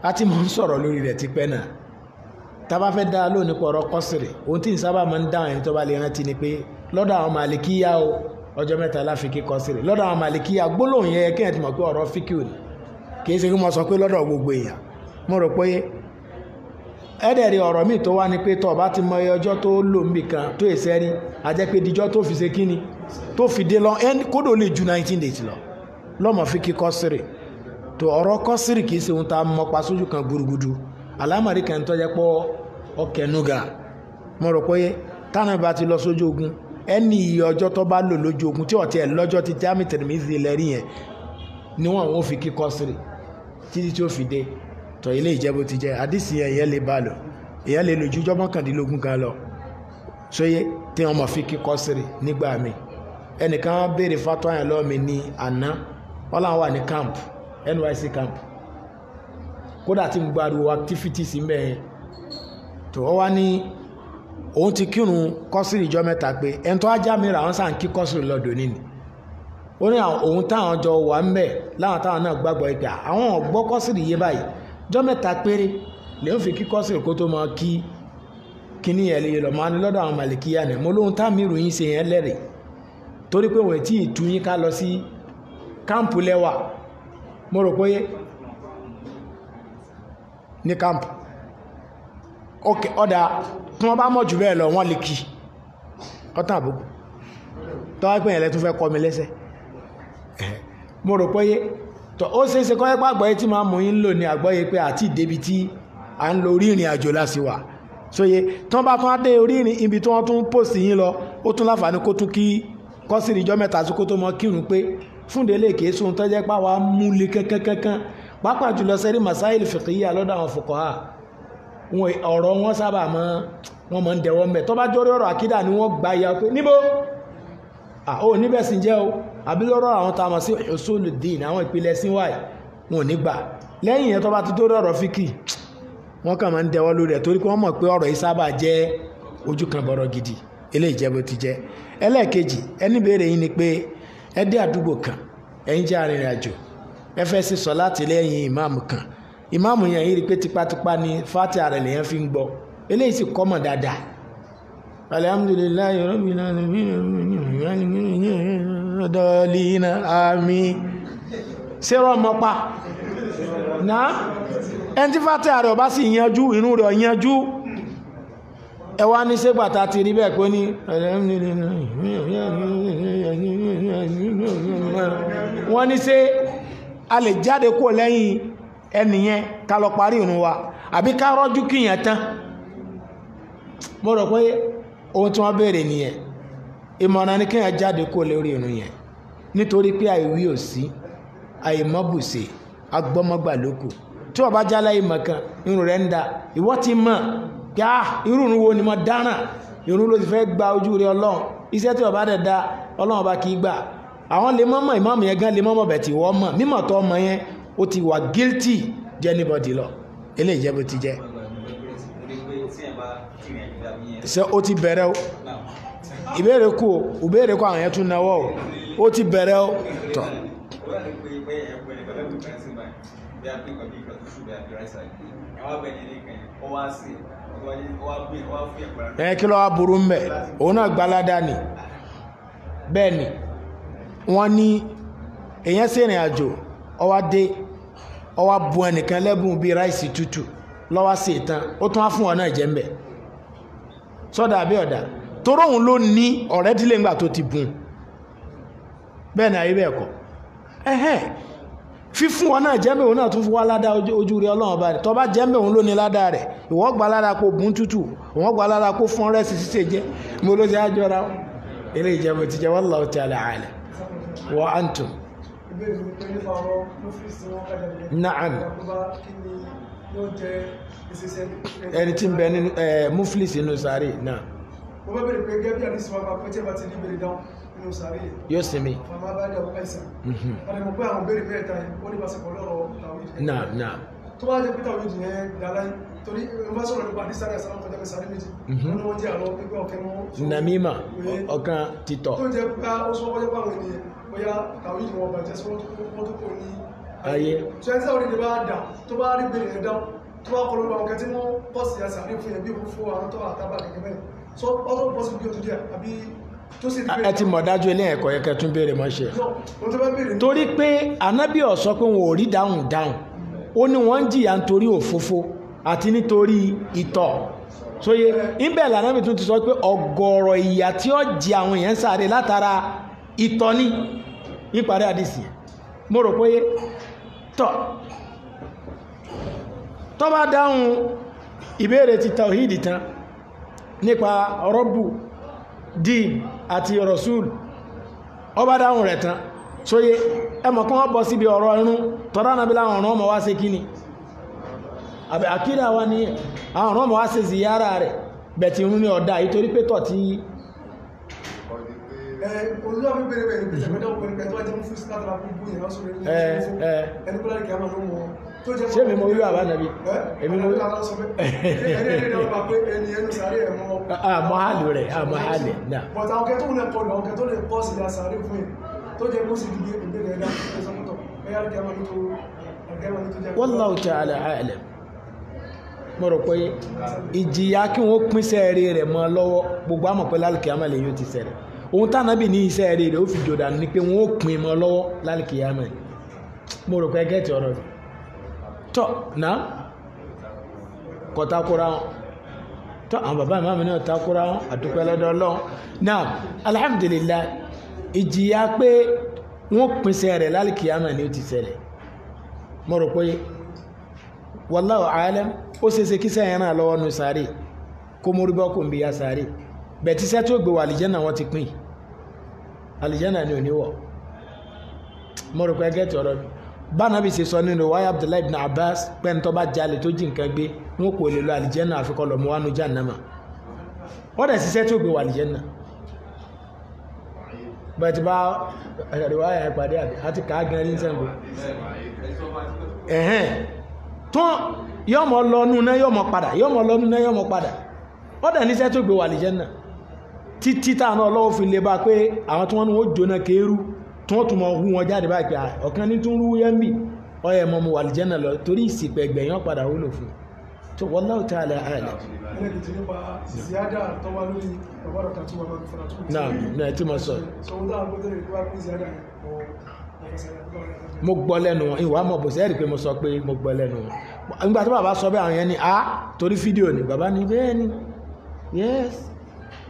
a ti mọ̀ ń sọ̀rọ̀ lórí rẹ̀ tipẹ́ náà tá bá fẹ́ dá a lónìí pọ̀ ọ̀rọ̀ kọ́sìrì ohun tí n sábà máa ń dáhùn ẹni tó bá lè rántí ni pé lọ́dọ̀ àwọn màlìkíyà o ọjọ́ mẹ́ta láfi kí kọ́sìrì lọ́dọ̀ àwọn màlìkíyà gbólóhùn yẹn kéèyàn ti mọ̀ pé ọ̀rọ̀ fíkìù ni kì í ṣe kí mo sọ pé lọ́dọ̀ gbogbo èèyàn mo rò pé ẹ̀dẹ̀rẹ̀ ọ̀rọ̀ míì tó wá ni pé tó bá ti mọ ọjọ́ tó lò ń bì kan tó èsẹ́ rí ajẹ́ pé díjọ́ tó fi ṣe kíni tó fi dé lọ kódò lè ju nineteen days lọ lọ́mọ fi kí kọ́sìrì tó ọ̀rọ̀ kọ́sìrì kì í ṣe ohun tá a mọ pa sójú kan gbúdugbúdu alámọ̀rí kan tó jẹ́ pọ́ ọkẹ́ nuga mo rò pé tánà bá ti lọ sójú ogun ẹni iye ọjọ́ tó bá lò lójú ogun tí ọ̀tí ẹ̀ lọ́jọ́ ti jámì tẹ̀lẹ́mí ìzìlẹ̀ rí yẹn ni wọ́n fi kí kọ́sìrì títí tí ó fi dé tọ ilé ìjẹ́bó ti jẹ, àdìsí yẹn ìyẹn lè bá lọ, ìyẹn lè lò ju ọjọ́ mọ́kàndínlógún kan lọ tí mọ̀ fi kíkọ́ sírì nígbà mi ẹnìkan béèrè fatwa yẹn mi ní àná wọ́n làwọn wà ní camp NYC camp kódà activities mẹ́rin tó wọ́n wá ní òun ti kírun kọ́sìrì ìjọ mẹ́ta pé mi rà wọ́n sàn kí kọ́sìrì lọ́dọ̀ nínú ó ní òun táwọn jọ wà ń bẹ̀ láwọn táwọn náà gbàgbọ́ ìgbà àwọn kọ́sìrì yé báyìí jọ́ mẹ́ta péré lèyìn fi kíkọ́ sí òkú tó máa kí kíní ẹ̀ lè lọ máa ní lọ́dọ̀ àwọn màlìkíyà ni mo lóhun tá mi ròyìn ṣe yẹn lẹ́rìí torí pé wọ́n ti tú yín ká lọ sí káàmpù lẹ́wà mo rò pé ní káàmpù ok ọ̀dà tí wọ́n bá mọ̀ jù bẹ́ẹ̀ lọ wọ́n lè kí ọ̀tàn àbúkù tọ́wọ́ pé yẹn lẹ́tún fẹ́ kọ́ mi lẹ́sẹ̀ mo rò pé tọ́ ó ṣe é ṣe kọ́yẹ́pá àgbọ́yé tí máa mú yín lò ní àgbọ́yé pé àti ìdébi tí à ń lo orí ìrìn àjò láti wà sóye tí wọ́n bá tún á dé orí ìrìn ibi tí wọ́n tún pòsì yín lọ ó tún láǹfààní kó tún kí kọ́sìrì ìjọ mẹ́ta sí kó tó mọ kírun pé fúndélé kìí sóhun tó jẹ́ pá wa múlé kankankankan pàápàá jùlọ sẹ́rí masáìlì fìkìyà lọ́dọ̀ àwọn fòkọ́hà ọ̀rọ̀ wọn sábà mọ́ wọn mọ́ ń dẹ̀wọ́ mẹ́ tó bá jọ́rí ọ̀rọ̀ ni wọ́n gbá ya pé níbo ó níbẹ̀ sì jẹ́ o àbí lọ́rọ̀ àwọn tá a mọ̀ sí usuluddin àwọn ìpìlẹ̀ sí wáyé wọn ò ní gbà lẹ́yìn yẹn tó bá ti tó dọ̀rọ̀ fíkì wọ́n kàn máa ń dẹwọ́ lórí ẹ̀ torí pé wọ́n mọ̀ pé ọ̀rọ̀ yìí sábà jẹ́ ojú kan bọ̀rọ̀ gidi eléyìí jẹ́ bó ti jẹ́ ẹlẹ́ẹ̀kejì ẹni béèrè yìí ni pé ẹ dé àdúgbò kan ẹ̀yin jẹ́ arìnrìn àjò ẹ fẹ́ sì sọ láti lẹ́yìn ìmáàmù kan ìmáàmù yẹn yìí rí pé tipátipá ni fati ara lèyàn fi ń gbọ́ eléyìí sì kọ́mọ̀ dáadáa alhamdulillahi rabbil alamin dọ́ọ̀lìnà àmì sẹ́rọ ọmọ pa náà ẹni tí fàtẹ́ ààrẹ ọba sì yanjú inú rẹ̀ yanjú ẹ wá ní ṣégbà tá a ti rí bẹ́ẹ̀ pé ní wọ́n ní ṣé a lè jáde kó lẹ́yìn ẹnìyẹn ká lọ parí ìrun wa àbí ká rọ́jú kíyàn tán mo rò pé ohun tí wọ́n béèrè nìyẹn ìmọ̀ràn ni kéèyàn jáde kó lórí irun yẹn nítorí pé àìwí ò sí àìmọ́bùsè agbọ́mọ́gbà ló kù tí wọ́n bá jálá ìmọ̀ kan irun rẹ̀ ń da ìwọ ti mọ̀ pé á ah, irun wo ni mo dáràn irun ló ti fẹ́ gba ojú rẹ ọlọ́run iṣẹ́ tí wọ́n bá dẹ̀ da ọlọ́run bá kì í gbà àwọn lè mọ́mọ́ ìmọ̀mù yẹn gan lè mọ́mọ́ bẹ̀ tí wọ́n mọ̀ mímọ̀ tó ọmọ yẹn ó ti wà guilty jẹ́ anybody lọ eléyìí jẹ́ bó ti jẹ́. Ise ó ti bẹ̀rẹ̀ o ìbéèrè kù o ìbéèrè kù àwọn o ti bẹ̀rẹ̀ o tọ̀. ẹ kí ló wá burú mbẹ òun náà ni bẹ́ẹ̀ ni wọ́n ní èèyàn ṣèrìn àjò ó wá dé ó wá bu ẹnìkan lẹ́bùn bíi ráìsì tútù ló wá tán ó tún wá fún ọ náà jẹ́ mbẹ́. sọ́dà àbí ọ̀dà toró òun ló ní ọ̀rẹ́ dílé ńgbà tó ti bùn bẹ́ẹ̀ ni ayé bẹ́ẹ̀ kọ́ ẹ̀hẹ́n fífún wọn náà jẹ́mbẹ̀ òun náà tún fún wá ládá ojú rẹ ọlọ́run ọba rẹ̀ tọ́ bá jẹ́mbẹ̀ òun ló ní ládá rẹ̀ ìwọ gba lára kó bùn tútù ìwọ gba lára kó fún rẹ́sì sísè jẹ́ mo ló ti ájọra ilé ìjẹun ti jẹ́ wallahu ta'ala alim wa antum. Na'am ẹni tí ń bẹ ní muflis inú sáré náà. mo bá bèrè pé gẹ́gẹ́ bí àdìsí wọn bá pẹ́ bá ti ní bèrè dáhùn nínú sáré yẹn. yóò sinmi. màmá bá dẹ̀ ọ̀pá ìsàn. ọ̀dẹ̀ mo pé àwọn béèrè mẹ́ta yẹn ó ní ìbáṣepọ̀ lọ́rọ̀ tàwídì. náà náà. tó bá jẹ́ pé tàwídì yẹn dáláyé torí n bá sọ̀rọ̀ nípa àdìsí sáré àsálàm kọjá pé sáré méjì. Mhm. wọn wọ́n jẹ́ àlọ́ pípẹ́ ọ̀kẹ́ wọn. nàmímà ọ̀kan títọ̀ ayé ṣẹ́ńsẹ́ orí ni bá dà tó bá rí bèrè ẹ̀dá tó bá kọ́ lórí àwọn kẹtí wọ́n pọ̀sì àṣàrí fún ẹbí fún àwọn tó àtàbà kẹ̀kẹ́ bẹ́ẹ̀ so ọdún pọ̀sì bí ojú díẹ̀ àbí tó sì ẹ ti mọ̀ dájú ilé ẹ̀kọ́ yẹ kẹ́ tún béèrè mọ́ ṣe torí pé anábì ó pé wọn ò rí dáhùn dáhùn ó ní wọ́n ń jìyà nítorí òfófó àti nítorí ìtọ̀ sóye níbẹ̀ lànàbì tún ti sọ pé ọ̀gọ̀rọ̀ ìyà tí ó jẹ àwọn èèyàn sáré látara ìtọ̀ ní ìparí àdìsí mo rò pé tọ́ tó bá dáhùn ìbéèrè ti tawhidi tán nípa rọ́bù dín àti rọ̀súùlù ó dáhùn rẹ̀ tán sóye ẹmọ̀ kan síbi ọ̀rọ̀ irun tọ́rọ anábílá ọ̀rọ̀ ọmọ wá ṣe kíni wa ní àwọn ọ̀rọ̀ ọmọ wá ṣe ziyara rẹ̀ bẹ̀tì ní ọ̀dá yìí pé tọ̀ olúwa fi bèrè bèrè bèrè bèrè ọkùnrin pẹ̀lú ẹ̀tọ́ ajẹ́mú fún síkàtà lápò ìbú ìyàwó sórí ilé ẹni kúlá kí a máa ló mọ tó jẹ́ ṣé mi mọ wíwá bá nàbí èmi mọ wíwá sọ <laughs> pé ẹni ẹni náà bá pé ẹni ẹnu sáré ẹ mọ àmọ́ àlò rẹ̀ àmọ́ àlè náà bọ̀tà àwọn kẹtọ́ lè kọlù àwọn kẹtọ́ lè pọ̀ sí ìdá sáré fún ẹ tó jẹ́ kó sì di ìgbéga ẹ̀dá ẹ̀sọ́mọ́tọ̀ ẹ̀yà kí a máa tó wallahu ta'ala a'lam mo pé ìjìyà kí wọ́n pín sẹ́ẹ̀rẹ́ rẹ̀ mọ́ lọ́wọ́ gbogbo àmọ̀ pé lálùkì àmàlẹ́yìn ó ti sẹ̀rẹ̀ ohun tánàbì ní iṣẹ́ rere ó fi jòdà ní pé wọ́n ó pin mọ́ lọ́wọ́ lálìkìyàmọ̀ mo rò pé gẹ́ẹ̀tì ọ̀rọ̀ rẹ̀ tọ́ náà kọ́takura wọn tọ́ àwọn bàbá ìmáàmù náà takura wọn àdúpẹ́ lọ́dọ̀ ọlọ́run náà alhamdulilayi ìjìyà pé wọ́n rẹ̀ ni ó ti ṣẹlẹ̀ mo rò pé wallahu alam ó ṣeéṣe kí sẹ́yìn náà lọ́wọ́ nu sáré kó mórí bọ́kùn bí ya sáré náà wọ́n ti pín yìí àlìjánà ni ò ní wọ̀ mo rò pé gẹ́tì ọ̀rọ̀ mi bánabi ṣe sọ nínú wáyà Abdullahi ibn Abbas pẹ́ńtọ́ jalè tó jí nǹkan gbé wọn kò lè lo àlìjánà àfikọ́ lọ́mọ wánú jàǹnàmà wọ́n dẹ̀ ṣiṣẹ́ tí ó gbé wà àlìjánà bẹ̀tí bá ẹ̀rẹ̀wá ẹ̀ pàdé àbí àti káàgìn ẹni sẹ́gbò ẹ̀hẹ́n tán yọ́mọ̀ lọ́nú náà yọ́mọ̀ padà yọ́mọ̀ lọ́nú náà yọ́mọ̀ padà ọ́dẹ̀ níṣẹ́ tó gbé wà lè títí táwọn ọlọ́wọ́ fi lè bá pé àwọn tí wọ́n ní wọ́n jóná kéérú tí wọ́n tún mọ hu wọn jáde báyìí pé ọ̀kan ní tún rú yẹn bì ọyẹ mọ mu àlìjẹ́nà lọ torí ìsìnkú ẹgbẹ̀yàn padà wúlò fún tó wallahu ta'ala a'lam. náà náà tí mo sọ. mo gbọ́ lẹ́nu wọn ìwà mọ̀ bó ṣe ẹ̀rí pé mo sọ pé mo gbọ́ lẹ́nu wọn nígbà tí bàbá sọ bẹ́ẹ̀ àwọn yẹn ni a torí fídíò ni bàbá ni bẹ́ẹ̀ ni yes.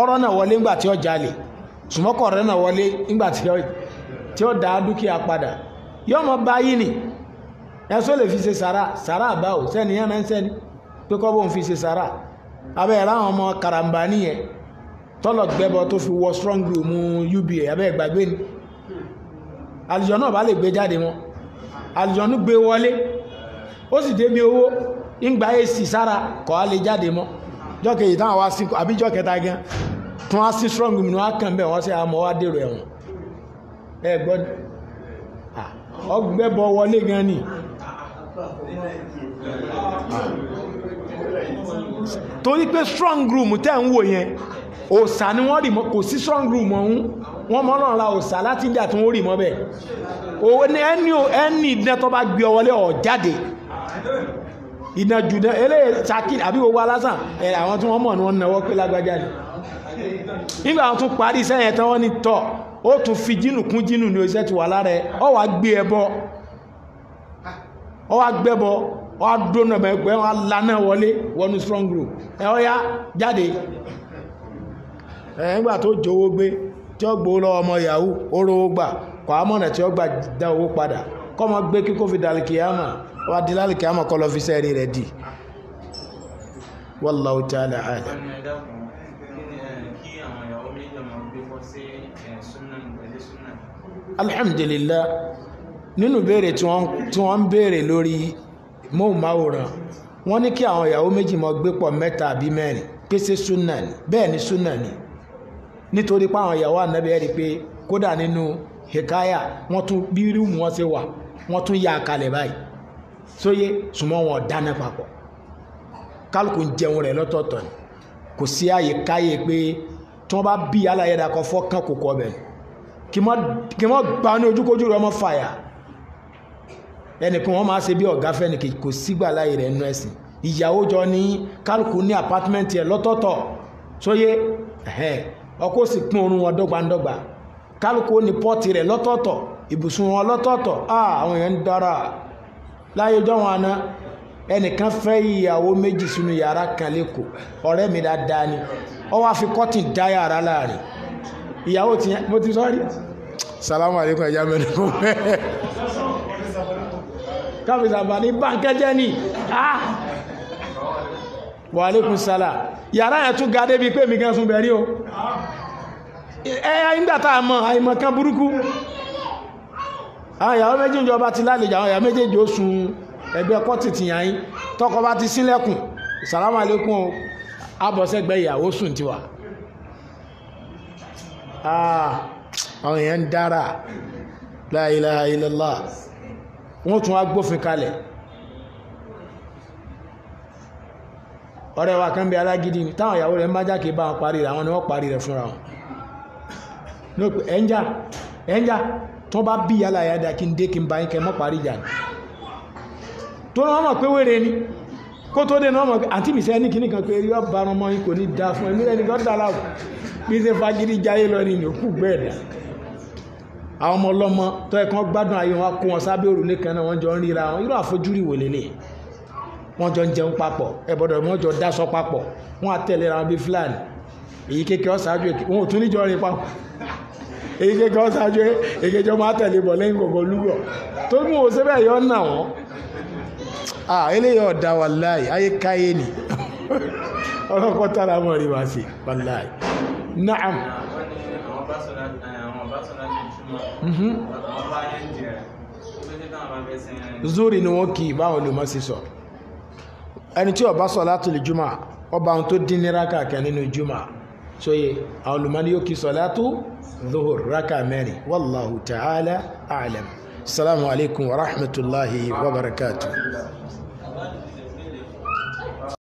ọ̀rọ̀ náà wọlé ńgbà tí ó jalè sùmọ́kọ̀ rẹ̀ náà wọlé ńgbà tí ó dá dúkìá padà yóò mọ báyìí nì ẹ̀sọ́ lè fi ṣe sàrà sàrà àbáwò sẹ́ni yẹn sẹ́ni pé kọ́ bóun fi ṣe sàrà abẹ́ ẹ̀rọ àwọn ọmọ karambà nìyẹn tọ́lọ̀ gbẹ́bọ tó fi wọ strong room uba abẹ́ ìgbàgbé ni àlùjọ náà bá lè gbé jáde wọn àlùjọ náà gbé wọlé ó sì débi owó ńgbà èsì sára kọ́ á lè jáde mọ́ jọ́kẹ́ yìí táwọn wá sí àbí jọ́kẹta gan tún wá sí strong mi ni wọ́n á kàn bẹ́ẹ̀ wọ́n sì àmọ́ wá dèrò ẹ̀wọ̀n ẹ gbọ́ ọgbẹ́bọ wọlé gan ni torí pé strong room tẹ́ ń wò yẹn òòsà ni wọ́n rì mọ́ kò sí strong room ọ̀hún wọ́n mọ́ náà ra òòsà láti ìdí àtúnwó rì mọ́ bẹ́ẹ̀ ẹni ìdán tó bá gbé ọ wọlé ọ̀ jáde iná ju náà eléyè sakiri àbí gbogbo alásàn ẹ àwọn tí wọ́n mọ̀ ní wọ́n náwó pé lágbájá ni nígbà wọn tún parí iṣẹ́ yẹn tán wọ́n ó tún fi jínù kún jínù ní iṣẹ́ tí wà lára ẹ ọ wá gbé ẹbọ ọ wá gbẹbọ ọ wá dóná ẹgbẹ wọn lana wọlé wọnú strong group ẹ ọ yá jáde ẹ nígbà tó jowó gbé tí ó gbowó ọmọ yahoo ó rówó gbà kọ́ tí ó gbà dá owó padà gbé kíkó fi yá mà wá di lálùkì àmọ́ kọ́ lọ fi sẹ́ẹ̀rí rẹ̀ dì wallahu ta'ala àlẹ́. alhamdulillah nínú béèrè tí wọ́n ń béèrè lórí móhùnmáwòrán wọ́n ní kí àwọn ìyàwó méjì mọ́ gbé pọ̀ mẹ́ta àbí mẹ́rin pèsè súnà ni bẹ́ẹ̀ ni súnà nítorí pé àwọn ìyàwó ànábì ẹ̀rí pé kódà nínú hikaya wọ́n tún bí rúùmù wọn ṣe wà wọ́n tún yà á kalẹ̀ báyìí sóyè súnmọ́ wọn dáná papọ̀ kálukú ń jẹun rẹ̀ lọ́tọ̀ọ̀tọ̀ ni kò sí àyè káyè pé tí wọ́n bá bí aláyẹ̀dá kan fọ́ kán kò kọ́ bẹ̀ kí wọ́n gbà ní ojúkójú rẹ̀ ọmọ fàyà ẹnìkan wọ́n máa ṣe bí ọ̀gá fẹ́ni kò sígbà láyè rẹ̀ nú ẹ̀sìn ìyàwó jọ ní kálukú ní apartment ẹ̀ lọ́tọ̀ọ̀tọ̀ sóyè ọkọ sì pín oorun wọn dọ́gbandọ́gba kálukú ní pọ́ọ̀tì rẹ̀ lọ́tọ̀ọ̀tọ̀ ibùsùn wọn lọ́tọ̀ọ̀tọ̀ ah, àwọn èèyàn ń dára láyé jọ́wọ́n àná ẹnìkan fẹ́ ìyàwó méjì sínú yàrá kan lẹ́kọ̀ọ́ ọ̀rẹ́ mi dáadáa ni ó wá fi kọ́tìn dá yàrá láàrin ìyàwó ti yẹn mo ti sọ́rí salamu alaikum ẹ̀já mẹ́rin fún bẹ́ẹ̀ káfí sàbàní bánkẹ́jẹ́ ni wa alaikum sala yàrá yẹn tún ga débi pé mi kan sún bẹ̀rí o ẹ̀yà ń dàtà àmọ́ àìmọ̀kan burúkú àwọn ìyàwó méjì ìjọba ti lálejò àwọn ìyàwó méjèèjì ó sun ẹgbẹ́ kọ́tì tìyàn yín tọkọ bá ti sílẹ̀kùn sàlámù alẹ́kùn abọ̀sẹ́gbẹ́ ìyàwó sùn tiwa ah, àwọn èèyàn ń dára la ilaha illallah wọ́n tún wá gbófin kalẹ̀ ọ̀rẹ́ wa kan bí alágídí ni táwọn ìyàwó rẹ̀ ń bá jákè bá wọn parí rẹ̀ àwọn ni wọ́n parí rẹ̀ fúnra wọn ẹ̀ńjà ẹ̀ńjà tó bá bí yàrá yàdá kí n dé kí n bá yín kẹ mọ́ parí ìjà ni tó ní wọ́n mọ̀ pé wèrè ni kó tó dé ní wọ́n mọ̀ pé àǹtí mi sẹ́ ní kíní kan pé yọ bára ọmọ yín kò ní da fún ẹ̀mí lẹ́ni kan dára o bí ṣe fagidi jáyé lọ ni ìyókù gbẹ̀dà àwọn ọmọ ọlọ́mọ tó ẹ̀kan gbádùn ayé wọn kó wọn sábẹ́ òrùlé kan náà wọ́n jọ ń ríra wọn irú àfojúrí wò lélẹ̀ wọ́n jọ ń jẹun papọ̀ ẹ̀bọ̀dọ̀ wọ́n jọ dáṣọ papọ̀ wọ́n àtẹ̀lẹ́ra wọn bíi fúlàní èyí kékeré ọ̀sáájú èké wọn ò tún níjọ́ rí papọ̀ eke ka ọ sajọ eke jọ máa tẹ̀lé bọ̀ lẹ́yìn gbogbo lúgọ̀ tó mú o síbẹ̀ yọ na wọ́n à eléyìí ọ̀dà wà láì ayé káyé ni <laughs> ọlọ́kọ̀ tára mọ̀ rí wá sí wà naam. Mhm. zuri ni wọn kì í báwọn lè má sí sọ ẹni tí ó bá sọ láti lè jùmọ̀ ọba ohun tó dín ní sóye àwọn olùmọ́ni yóò kí sọ̀látù zuhur raka mẹ́rin wallahu ta'ala a'lam salamu alaykum wa rahmatulahi wa barakatuh.